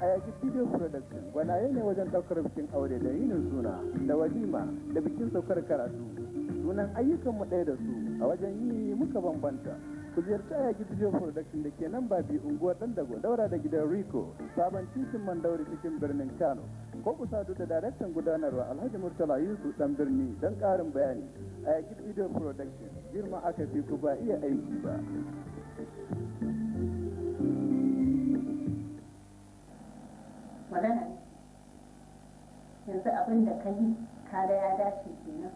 A: a yaki video production gwanaye ne wajen ɗaukar bikin aure da yinin suna da walima da bikin saukar karatu sunan ayyukanmu ɗaya da su a wajen yi muka bambanta ku ziyarci a video production da ke nan ba biyu unguwar dan dago daura da gidan rico sabon titin mandauri cikin birnin kano ko ku sadu da daraktan gudanarwa alhaji murtala yusuf dan birni don karin bayani a yaki video production girma aka fi ku ba iya aiki ba magana yanzu abin da ka yi kada ya dace kenan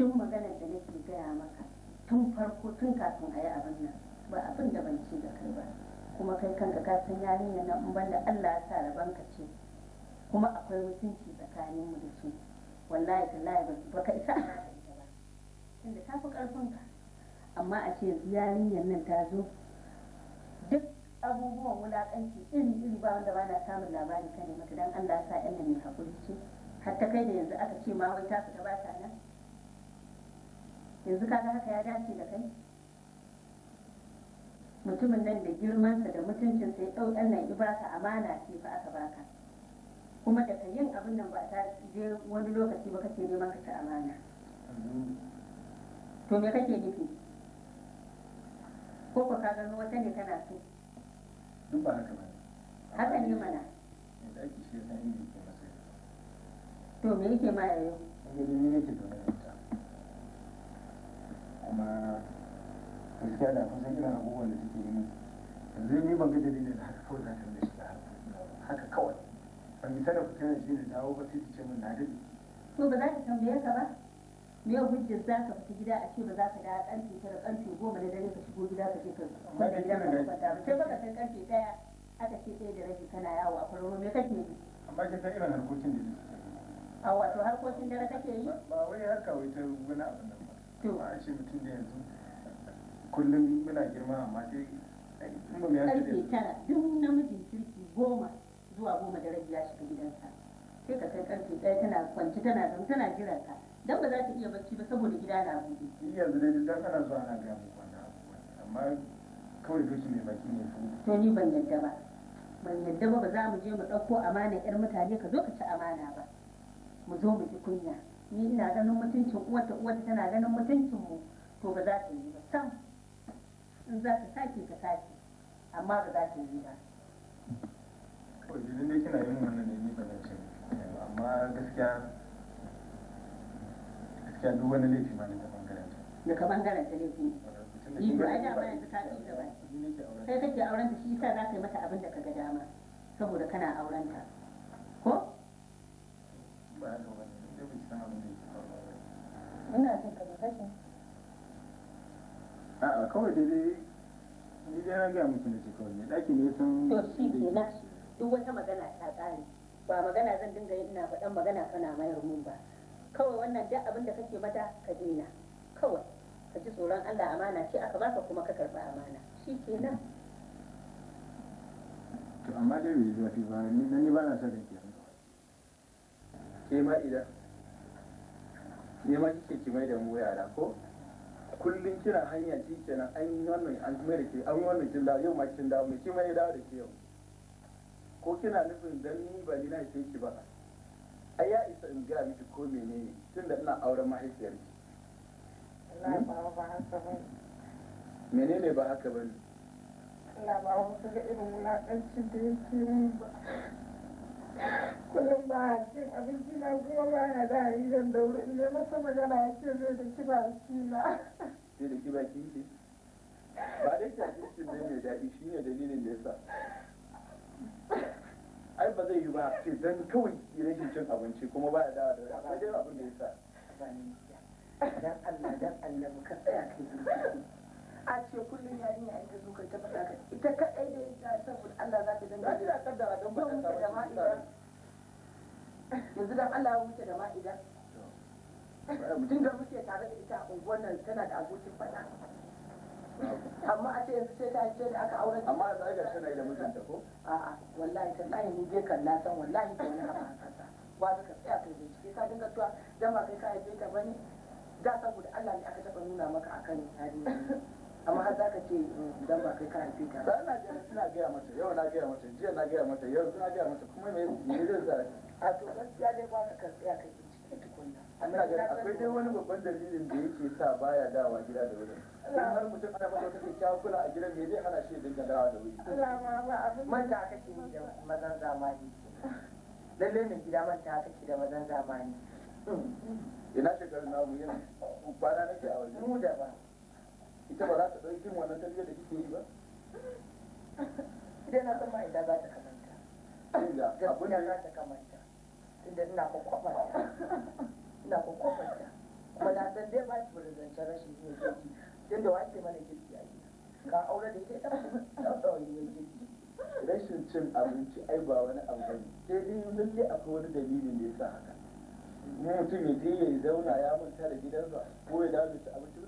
A: duk maganar da nake gaya maka tun farko tun kafin a yi abin nan ba abin da ban ci da kai ba kuma kai kanka ka san yarinya na in banda Allah ya sa rabon ka ce kuma akwai mutunci tsakanin mu da su wallahi tallahi ba ka isa tunda ta fi karfin ka amma a ce yanzu yarinyar nan ta zo duk abubuwan wulakanci iri iri ba wanda ba na samun labari kan mata dan Allah ya sa yan nan mai hakuri ce har ta kai da yanzu aka ce ma wai ta fita ba ta nan yanzu kaga haka ya dace da kai mutumin nan da girmansa da mutuncinsa ya ɗau ɗan nan ibaka amana ce fa aka baka kuma da ka yin abin nan ba ta je wani lokaci ba kake neman ka ci amana to me kake nufi ko ka gano wata ne kana so duk ba haka ba haka ne mana
C: to me yake ma yayo
A: ne yake kuma gaskiya da kusan irin abubuwan da suke yi min yanzu ni ban ga dalilin da haka kawai za ta mai shiga haka kawai ban yi sarrafa kiran shi ne dawo ba sai ta ce min na dade to ba za ka tambaye ka ba me ya hujjar za ka fita gida a ce ba za ka dawo karfe tara karfe goma na dare ka shigo gida ka je ka kwanta gida ka kwanta ba sai ba ka san karfe daya aka ce ɗaya da rabi kana yawo a kwararo me kake yi amma kin san irin harkokin da suke yi a wato harkokin dare kake yi ba wai harka wai ta wani abin da yawa a ce mutum da yanzu kullum muna girma amma sai in ba mu yasa karfe tara duk namijin kirki goma zuwa goma da rabi ya shiga gidansa sai ka kai karfe ɗaya tana kwanci tana zan tana jiran ka dan ba za ta iya barci ba saboda gida na buɗe ni yanzu dai dan ana zuwa ana ga muku wannan abubuwan amma kawai doki mai baki
D: ne su to
A: ni ban yadda ba ban yadda ba ba za mu je mu ɗauko amana 'yar mutane ka zo ka ci amana ba mu zo mu ji kunya ni ina ganin mutuncin uwata uwata tana ganin mutuncin mu to ba za ta yi ba sam in za ta sake ka sake amma ba za ta yi ba kawai kina yin wannan ne ni ba ce amma gaskiya gaskiya duk wani laifi ma ne ta
C: bangaren ta ka bangaren ta laifi ne. ni ba ai da ba yanzu ka fi gaba kai
A: kake auren ta shi yasa za ka yi mata abin da ka ga dama saboda kana auren ta ko ba ina jin ka kashe a'a kawai daidai dai na gaya kawai ne ɗaki ne sun to shi kenan duk wata magana ta ƙare ba magana zan dinga yin faɗan magana kana mayar mun ba kawai wannan duk abin da kake mata ka daina kawai ka ji tsoron Allah amana ce aka baka kuma ka karɓi amana shi to amma dai bai zafi ba ni ba na sa da ke ke ma idan neman kike ki mai da mu yara ko kullum kira hanya cikin kenan an yi wannan an mai da ke an wannan kin da yau ma kin da mai ki mai da da ke yau ko kina nufin dan ni ba ni na ce ki ba a ya isa in ga miki ko menene tunda ina auren mahaifiyar ki
B: hmm?
A: menene ba haka ne?
B: Ina ba wasu ga irin wulaƙancin da yake mun ba kullum ba a cin abinci na kuma ba ya da a hariran da wuri ne masa magana ya ce zai da kiba
C: shi na
A: zai da kiba shi ne ba dai kyakkyakin ne mai daɗi shi ne dalilin da yasa ai ba zai yi ba ce don kawai rashin cin abinci kuma ba ya dawa da wani abin da yasa dan Allah dan Allah ka tsaya kai a ce kullum ya ita zo ta faɗa ita kaɗai da ita saboda Allah za ta dinga da ita kaddara don ba ta da ma'ida yanzu dan Allah ya wuce da ma'ida mutum da muke tare da ita a unguwar nan tana da abokin faɗa amma a ce yanzu sai ta ce da aka aure amma a tsaye ga tana da mutunta ko a'a wallahi ta tsaye ni je kan na san wallahi da wani abu a kasa ba ka tsaya kai bincike ka dinga tuwa dan ba kai ka haife ta bane da saboda Allah ne aka taɓa nuna maka akan tarihi amma har zaka ce mm, idan ba kai ka haife ta ba na ga ina gaya mata yau na gaya mata jiya na gaya mata yau na gaya mata kuma me me zai za a to gaskiya dai ba ka tsaya kai cikin tukunna amma ga akwai dai wani babban dalilin da yake sa baya dawa gida da wuri in har mutum ana masa wata kyakkyawar kula a gidan me zai hana shi dinga dawa da wuri Allah ma
C: ba abin manta
B: kake ni da mazan zamani
A: lalle mai gida manta kake da mazan zamani
D: hmm.
A: ina shekarun namu yin kwana nake a wajen mu da ba ita ba za ta ɗauki kin wannan tafiyar da kike yi ba idan na san ma'aida za ta kamanta gaskiya za ta kamanta tunda ina kwakwabarta ina kwakwabarta kuma na san dai ba ki bari zancen rashin yin girki tunda wa ke mana girki a gida ka aure da ke ta ɗauki yin girki rashin cin abinci ai ba wani abu ba ne sai dai lalle akwai wani dalilin da ya sa haka mutum ya je ya zauna ya manta da gidansa ko ya dawo da abinci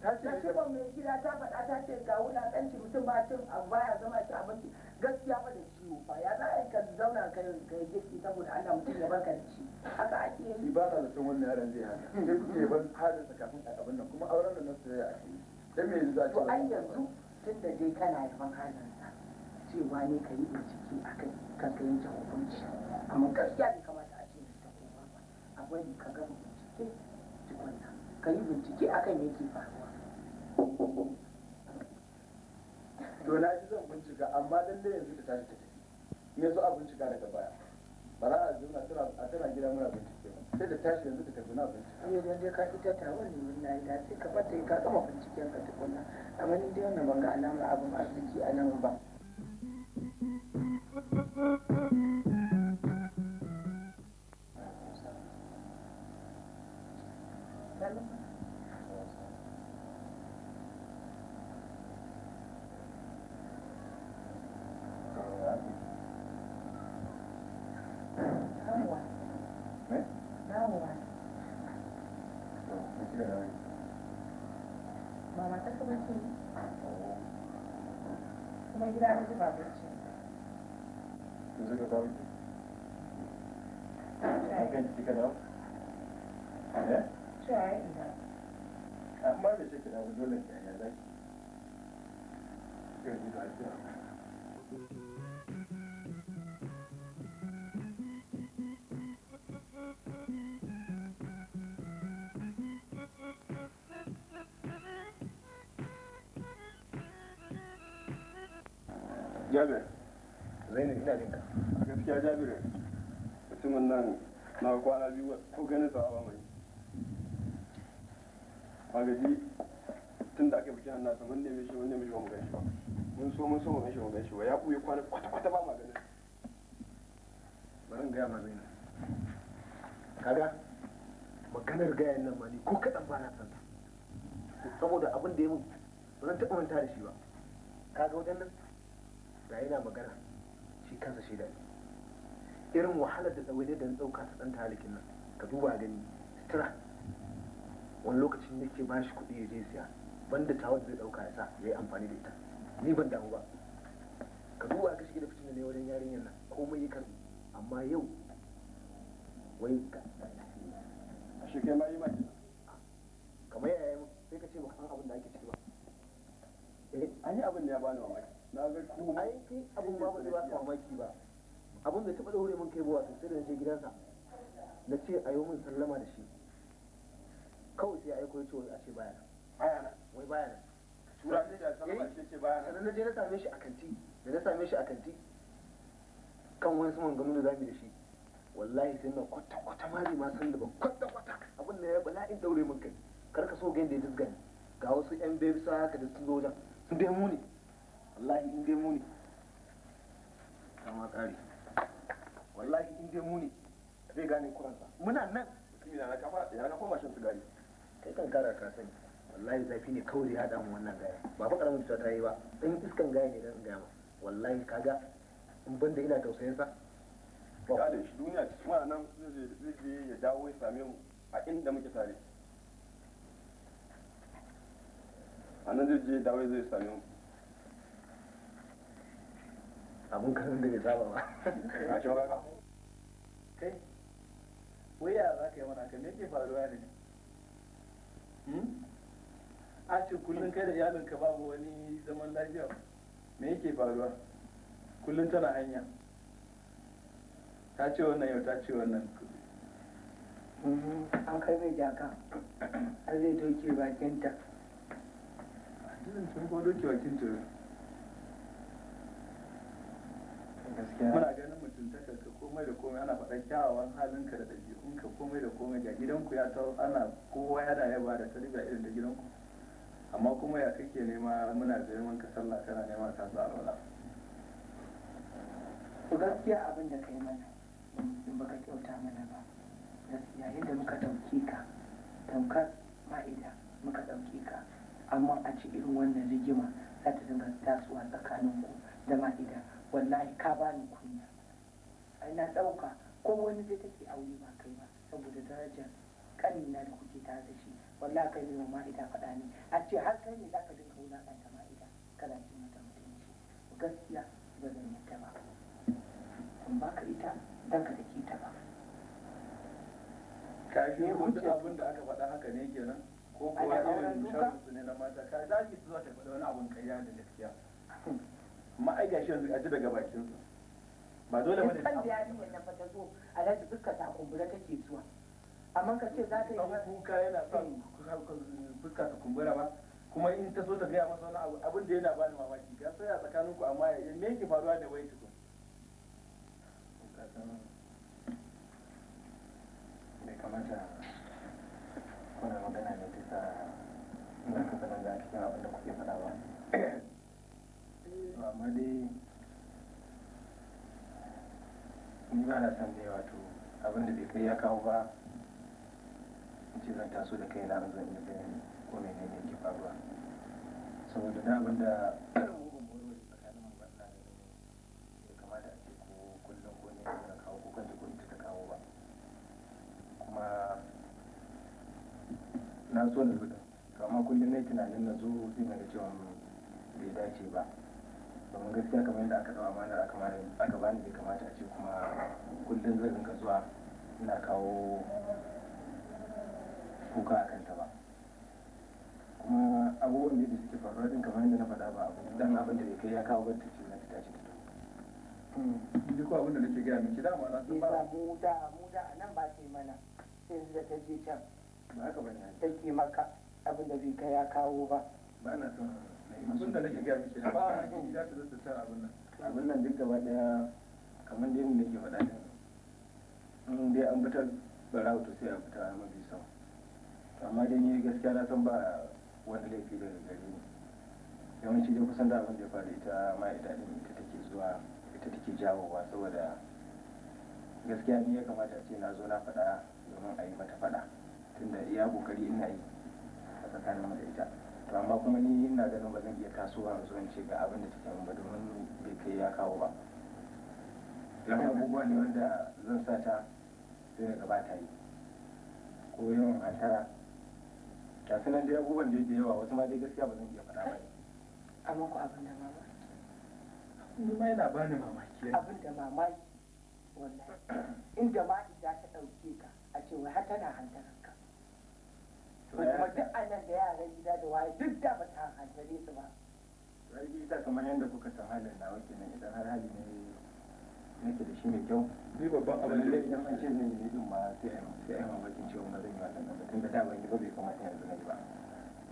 A: ta ce ba mai gida ta faɗa ta ce ga wulaƙanci mutum ba cin abu ya zama ci abinci gaskiya ba da ciwo ba ya za a yi ka zauna ka yi girki saboda Allah mutum ya barka da ci haka ake yi ba na zaton wannan yaran zai haka sai kuke ban halinsa kafin a abin nan kuma auren da na soyayya a yi dan mai yanzu za a ce to ai yanzu tun da dai kana yaban halinsa cewa ne ka yi bincike a kai kan ka yanke hukunci amma gaskiya bai
D: kamata a ce ta kowa
A: ba a bari ka gama bincike tukunna ka yi bincike akan ke faruwa to na ji zan bincika amma lalle yanzu ta tashi ta tafi yanzu a bincika daga baya ba za a zauna a tana gida muna bincike sai da tashi yanzu ta tafi na bincike eh, yau yanzu ka ita ta wani wannan da sai ka bata ka gama binciken ka tukuna amma ni dai wannan ban ga alamar abin arziki a nan ba
D: Thank you.
B: that was a rubber
A: too. Is it a jabir a gaskiya jabir mutumin nan na ko ba mai magaji tun da nan mun mun ba mu mun so mun so ya kwana kwata kwata ba maganin bari kaga maganar nan ma ni ko kaɗan ba na san saboda abin da ya mun ba zan taɓa manta da shi ba kaga wajen nan da yana magana shi kansa da ne irin wahalar da tsawai da na ɗauka ta ɗan talikin nan ka duba gani sutura wani lokacin nake ba shi kuɗi ya je siya banda tawar zai ɗauka ya sa ya yi amfani da ita ni ban damu ba ka duba ka shiga da fitin da ne wajen yarinyar nan komai yi karbi amma yau wai ka a shirke mai yi kamar yaya sai ka ce ba san abin da ake ciki ba eh an yi abin da ya bani mamaki na ga babu da kai abun ba ba zai ba mamaki ba abun bai taɓa ɗaure min kai ba wato sai da na je gidansa na ce a yi min sallama da shi kawai sai aiko ya ce wai a ce baya nan wai baya nan tura sai da sallama ce eh, ce baya sannan na je na same shi a kanti da na same shi a kanti kan wani saman gano da zamu da shi wallahi sai na kwata kwata ma bai ma san da ban kwata kwata abin da ya bala'in daure min kai kar ka so gani da ya dizgani ga wasu yan bebi sa haka da sun zo wajen sun dai muni wallahi in dai mu ne kama kare wallahi in dai mu ne zai gane kuransa muna nan mutum yana kafa yana kafa mashin sigari kai kan kara ka sani wallahi zafi ne kawai ya damu wannan gaya ba fa karamin cuta ta yi ba in iskan gaya ne dan gaya ma wallahi kaga in banda ina tausayin sa ya da shi duniya cikin nan zai je ya dawo ya same mu a inda muke tare a nan zai je ya dawo zai same mu abin karin da bai saba ba a ce ba kai wai ya za ka yi mana kan yake faruwa ne hmm? a ce kullum kai da iyalinka babu wani zaman lafiya me yake faruwa kullum tana hanya ta ce wannan yau ta ce wannan mhm. an kai mai jaka a zai doke bakinta a cikin sun ko doke bakin muna ganin mutuntaka ka komai da komai ana faɗa kyawawan halinka da ɗabi'unka komai da komai ga gidanku ya ta ana kowa yana yaba da riga irin da gidanku amma kuma ya kake nema muna neman ka sallah kana nema ta zuwa alwala to gaskiya abin da kai mana in baka kyauta mana ba gaskiya yadda muka ɗauki ka tamkar ma'ida muka ɗauki ka amma a ci irin wannan rigima za ta dinga tasowa tsakaninku da ma'ida wallahi ka bani kunya ai na dauka ko wani zai take aure ba kai ba saboda darajar kani na da kuke ta da shi wallahi kai ne ma ita faɗa ne a ce har kai ne za ka dinga wulaƙanta ma ita kana
D: ce mata mutunci
A: gaskiya ba zan yi ta ba Kun ba ka ita dan ka take ta ba kashe wanda abin da aka faɗa haka ne kenan ko kuwa irin sharri ne na mata ka zaki zuwa ta faɗa wani abun ya da gaskiya amma ai yanzu a ji daga bakinsa ba dole ba ne kan da yarinyar nan ta zo alhaji fuskar ta kumbura take zuwa amma ka ce za ta yi wani kuka yana son fuska eh. ta kumbura ba kuma in ta so ta gaya masa wani abin da yana bani mamaki ka tsaya a tsakanin ku amma ya me yake faruwa da wai tukun
D: bai
B: kamata kuna magana ne bisa na kasa da cikin
A: abin da kuke faɗa ba amma dai ni ba na san dai wato abin da bai kai ya kawo ba in ce zan taso da kai na zan iya ganin ko mene ne ke faruwa saboda da abin da na so na zuɗa amma kullum na tunanin na zo sai na ga cewa bai dace ba domin gaskiya kamar yadda aka zama mana aka bani bai kamata a ce kuma kullum zan rinka zuwa ina kawo kuka a kanta ba kuma abubuwan da suke faruwa din kamar yadda na faɗa ba abu dan abin da bai kai ya kawo ban ce, na fita ce ta to hmm, duk abin da nake gaya miki dama na sun fara eh, mu da mu da nan ba sai mana sai da ta je can ba haka bane take maka abin da bai kai ya kawo ba ba na son tun da nake gaya miki ba a cikin gida ta zata ta abin nan abin nan duk gaba daya kamar dai ne ke faɗa in dai an fitar barawo to sai a fita mafi sau amma dai ni gaskiya na san ba wani laifi daga gari ne. yawanci dai kusan da abin da ya faru ita ma ita din ita take zuwa ita take jawowa saboda gaskiya ni ya kamata a ce na zo na faɗa domin a yi mata faɗa tunda iya kokari ina yi a tsakanin mu ita amma kuma ni ina ganin ba zan iya tasowa yanzu zuwan ce ga abin da take ba domin bai kai ya kawo ba yan abubuwa ne wanda zan sa ta sai gaba ta yi ko yawan hantara Ta sanar da abubuwan da yawa wasu ma dai gaskiya ba zan iya faɗa ba ne amma ku abin da mamaki ni ma yana bani mamaki abin da mamaki wallahi inda ma ta ɗauke ka a cewa har tana hantara kuma duk anan da yara gida da waye duk da ba ta
C: hankali su ba
A: zargi ita kamar yadda kuka san halin na wake nan idan har hali ne nake da shi mai kyau bi babban abin da idan an ce zan yi ne din ma sai ai mamakin cewa ba zan yi wannan ba tun da da ban yi ba bai kamata yanzu na yi ba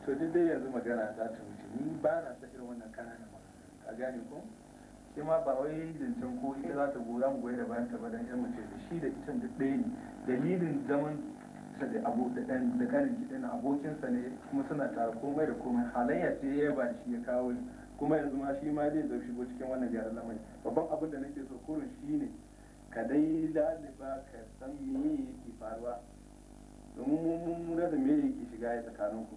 A: to duk dai yanzu magana za ta wuce ni ba na sa irin wannan kananan ma. ka gane ko sai ma ba wai zancen ko ita za ta gora mu goyi da bayan ta ba dan yan mace da shi da ita da ɗaya ne dalilin zaman da abu da da kanin abokin abokinsa ne kuma suna tare komai da komai halayya ce ya ba shi ya kawo kuma yanzu ma shi ma zai zo shigo cikin wannan gyaran lamari babban abin da nake so kurin shi ne ka dai laliba ka san me yake faruwa domin mun rasa me yake shiga ya tsakaninku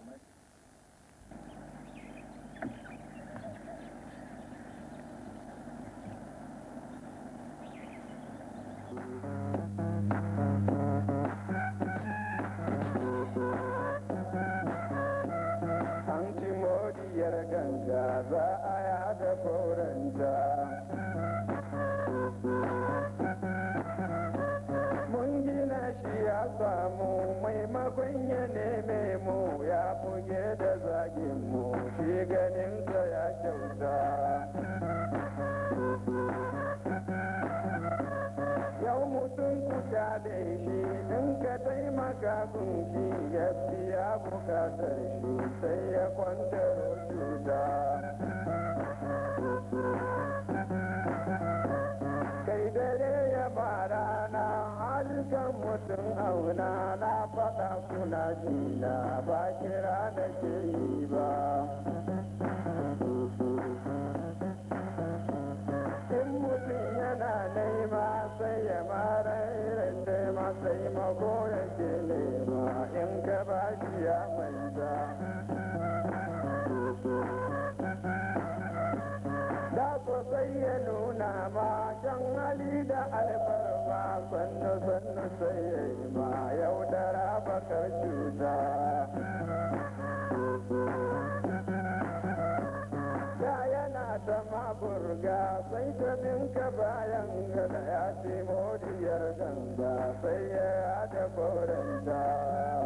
B: ganga za a yi hada fauranta. Mun gina shi ya samu maimakon ya neme mu ya buge da zagin mu shi ganinsa ya kyauta. kyale shi in ka taimaka kunki ya biya bukatar shi sai ya kwanta cuta kai dare ya ba rana halkan mutum auna na faɗa kuna jina ba kira da ke yi ba matsayi makonan ke nema in gaba ya mai ta da sosai ya nuna ma can hali da alfarma sannu sannu sai ya yi ma yaudara bakar ta. burga sai ta ninka bayan da ya ce modiyar ganga sai ya da goranta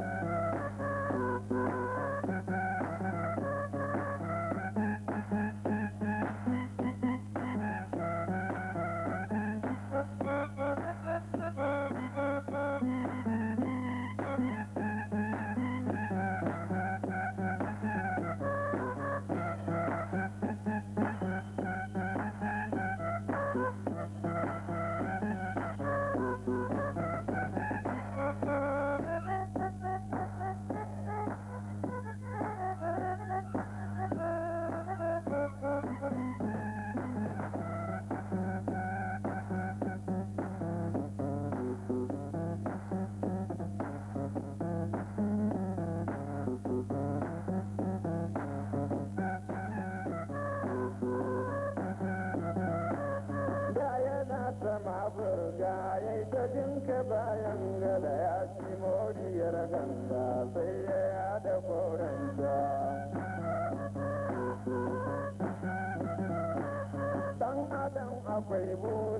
B: duka bayan gada ya ci moriyar ganta sai ya yada koranta dan adam akwai buru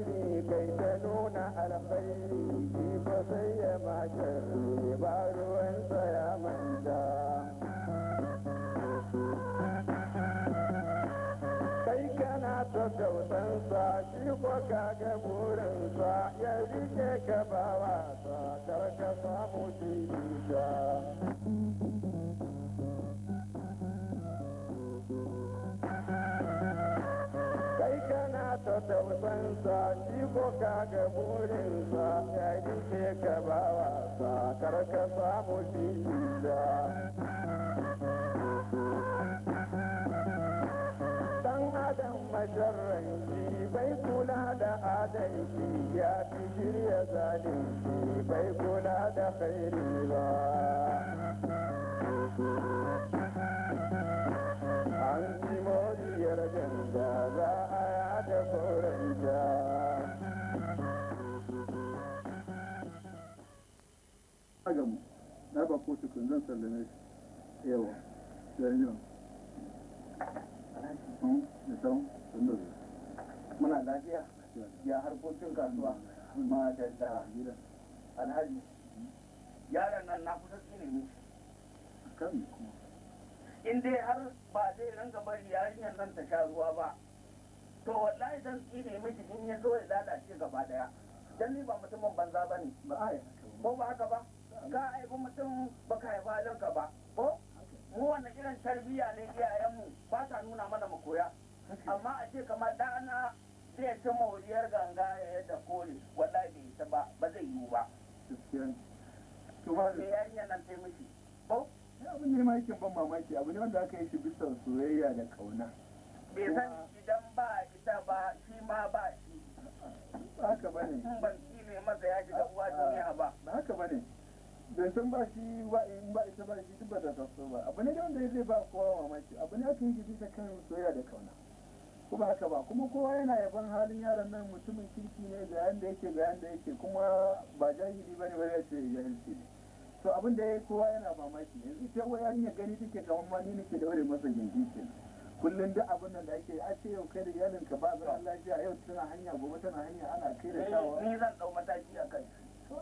B: sa shi ko ka ga burinsa ya rike ka ba wasa kar ka samu shi da dan adam masharranci bai kula da adalci ya fi shirya zalunci bai kula da khairi ba an ji moriyar ganda
A: agamu na ba ko tukun zan sallame shi yawa hmm? da yin da muna lafiya ya harkokin kasuwa ma da da alhaji yaran nan na kusa su
D: ne
A: in dai har ba zai ranga bari yarinyar nan ta sha ruwa ba to wallahi zan tsine miki in ya zo ya lalace gaba daya dan ni ba mutumin banza bane ba ko ba haka ba ka haifi mutum ba ka haifa ka ba ko mu wannan irin tarbiyya ne iyayenmu ba ta nuna mana mu koya amma a ce kamar ɗana zai ci moriyar ganga ya yadda kore wallahi bai ta ba ba zai yiwu ba ya yarinya nan ta mishi ko abin ne mai ban mamaki abu ne wanda aka yi shi bisa soyayya da kauna bai san idan ba ita ba shi ma ba shi haka bane ban ne masa ya shiga uwa duniya ba haka da sun ba shi ba ita ba shi duk ta so ba abu ne wanda zai ba kowa mamaki abu ne aka yi bisa kan soyayya da kauna kuma haka ba kuma kowa yana yaban halin yaran nan mutumin kirki ne ga yanda yake ga yanda yake kuma ba jahili ba ne ba ya ce jahilci ne to abin da ya kowa yana mamaki yanzu ta waya ya gani take kamar ma ni nake da wani masa gindi ke kullum duk abin nan da ake a ce yau kai da ka ba zaman lafiya yau tana hanya gobe tana hanya ana kai da shawara zan dau mataki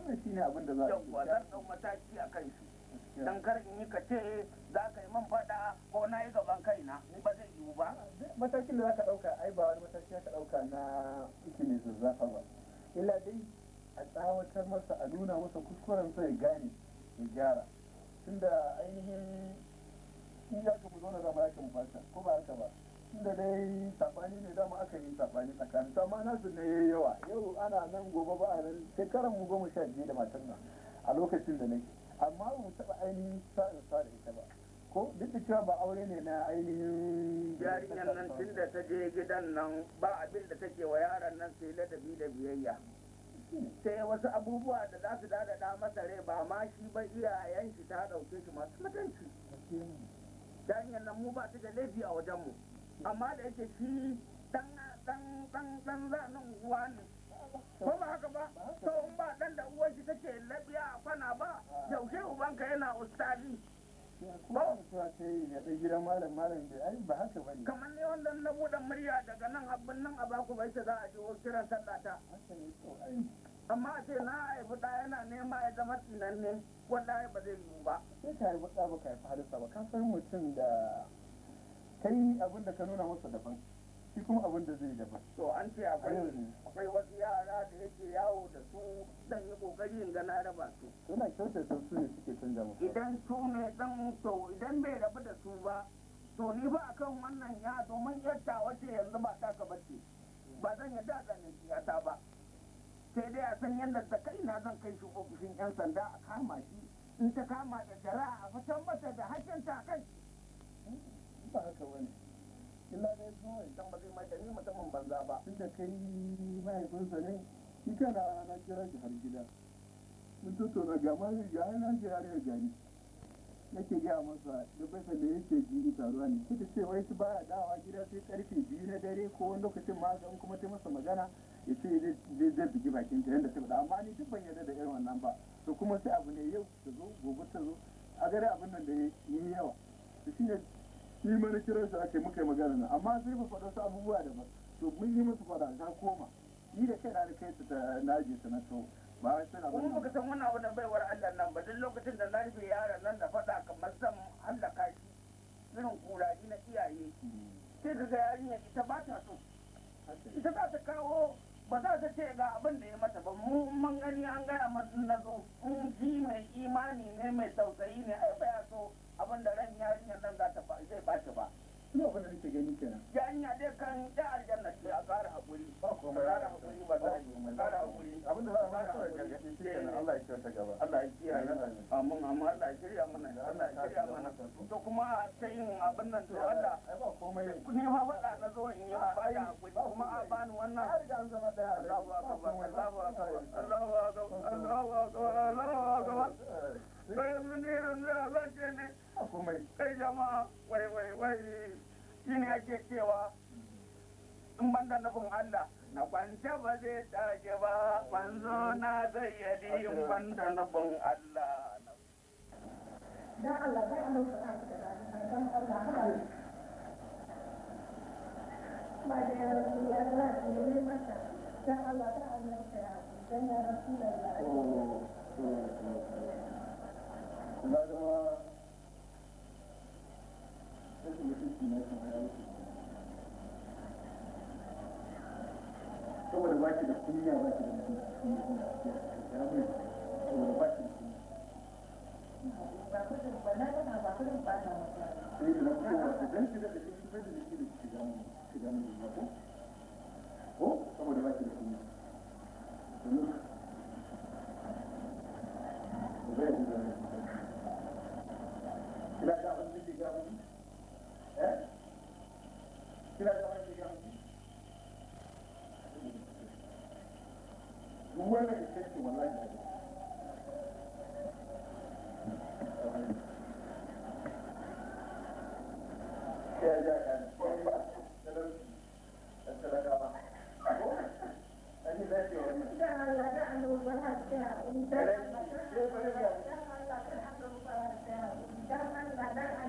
A: wannan shine abin da za a yi zan dau mataki a kan shi dan kar in yi kace za ka yi man fada ko na yi gaban kaina ba zai yiwu ba matakin da za ka dauka ai ba wani mataki ka dauka na mai zazzafa ba illa dai a tsawatar masa a nuna masa kuskuren sai gane ya gyara tunda ainihin in ya ka mu zauna za mu ka mu fata ko ba haka ba da dai sabani ne dama aka yi sabani tsakanin amma nasu ne yayi yawa yau ana nan gobe ba a nan shekaran mu goma sha biyu da matan nan a lokacin da nake amma ba mu taɓa ainihin sa'in sa da ita ba ko duk da cewa ba aure ne na ainihin yarinyar nan tun da ta je gidan nan ba abin da take wa yaran nan sai ladabi da biyayya sai wasu abubuwa da za su dada masa rai ba ma shi ba iyayen shi ta dauke shi masu mutunci yarinyar nan mu ba su da laifi a wajen mu amma da yake shi dan dan dan dan zanin uwa ne ko ba haka ba to in ba dan da uwar shi take labiya a kwana ba yaushe ubanka yana ustazi kamar ne wannan na buɗe murya daga nan abin nan a baku bai za a jiwo kiran sallata amma a ce na haifi ɗaya yana nema ya zama tunan ne wanda ba zai yi ba sai ka haifi ɗa ba ka haifi halitta ba ka san mutum da kai abin da ka nuna masa daban shi kuma abin da zai daban to an ce akwai wasu yara da yake yawo da su dan yi kokari in gana raba su suna kyautata su ne suke canja musu idan su ne dan to idan bai rabu da su ba to ni ba akan wannan ya domin yadda wace yanzu ba ta ka bace ba zan yadda zanen siyasa ba sai dai a san yadda da kai na zan kai shi ofishin yan sanda a kama shi in ta kama da shari'a a fitan mata da hakkin ta kai ba haka wani illa dai su ne can ba zai mai mata mutumin banza ba tun da kai mahaifinsa ne shi kana na kira shi har gida mun tattauna ga ma ga na shi har ya gani nake ga masa da bai da yake ji in taruwa ne suka ce wai su baya dawa gida sai karfe biyu na dare ko wani lokacin ma zan kuma ta masa magana ya ce zai zai bigi bakin ta yadda ta faɗa amma ni duk ban yarda da irin wannan ba to kuma sai abu ne yau ta zo gobe ta zo a gare abin nan da ya yi yawa to ne shi mana kira shi ake muka yi magana na amma sai ba faɗa su abubuwa da ba to mun yi musu faɗa ta koma ni da kai na da kai ta na je ta na to ba sai na ba kuma san wannan abu da baiwar Allah nan ba duk lokacin da na rufe yaran nan da faɗa kamar zan ka shi irin ni na iyaye sai ka ga yarinya ita ba ta so ita za ta kawo ba za ta ce ga abin da ya mata ba mu mun gani an gaya mata na zo ji mai imani ne mai tausayi ne ai ba ya so abin da ran yarinyar nan za ta ba zai ba ta ba ina abin da nake gani kenan yarinya dai kan da aljanna ce a ƙara hakuri ba kuma a hakuri ba za a yi ƙara haƙuri abin da za a ba ta gargaɗi shi kenan Allah ya kiyaye ta gaba eh, Allah ya kiyaye amma Allah ya shirya mana Allah ya shirya mana to kuma ta yin abin nan to Allah ba komai ne ma na zo in yi ba ya hakuri kuma a ni wannan har ga Allahu akbar Allahu akbar
B: Allahu akbar Allahu akbar Allahu akbar Allahu akbar abu mai kai jama wai wai wai shi ne ake cewa
A: in ban da nufin Allah na kwance ba zai tage ba banzo na zayyadi in ban da nufin Allah Allah da Allah
D: ba da ya rasu ya rasu ne Allah ya dan ya rasu da
B: Allah
A: rashin mutunci na saboda ba ki da kunya ba ki da ba ne ba Thank you. eh kina wani shiga mu
D: wani da kake wallahi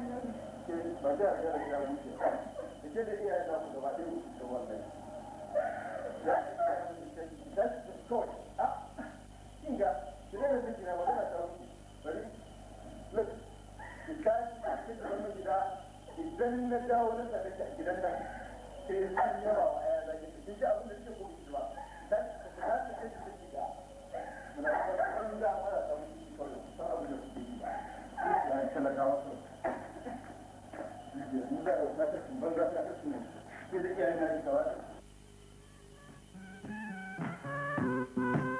C: Thank you.
A: ke ba zai a gara gida wuce ba da ke da iyaye na su gaba ɗaya wuce wannan that's the choice ah kinga ki da take na magana ta wuce bari look ki kai a cikin wannan gida idan na dawo da kake gidan nan sai ya san yawa da yaya ki abin da kike ko ki ba that's that's the thing da you got da wannan da ta wuce abin da yi ba talakawa Thank
C: you.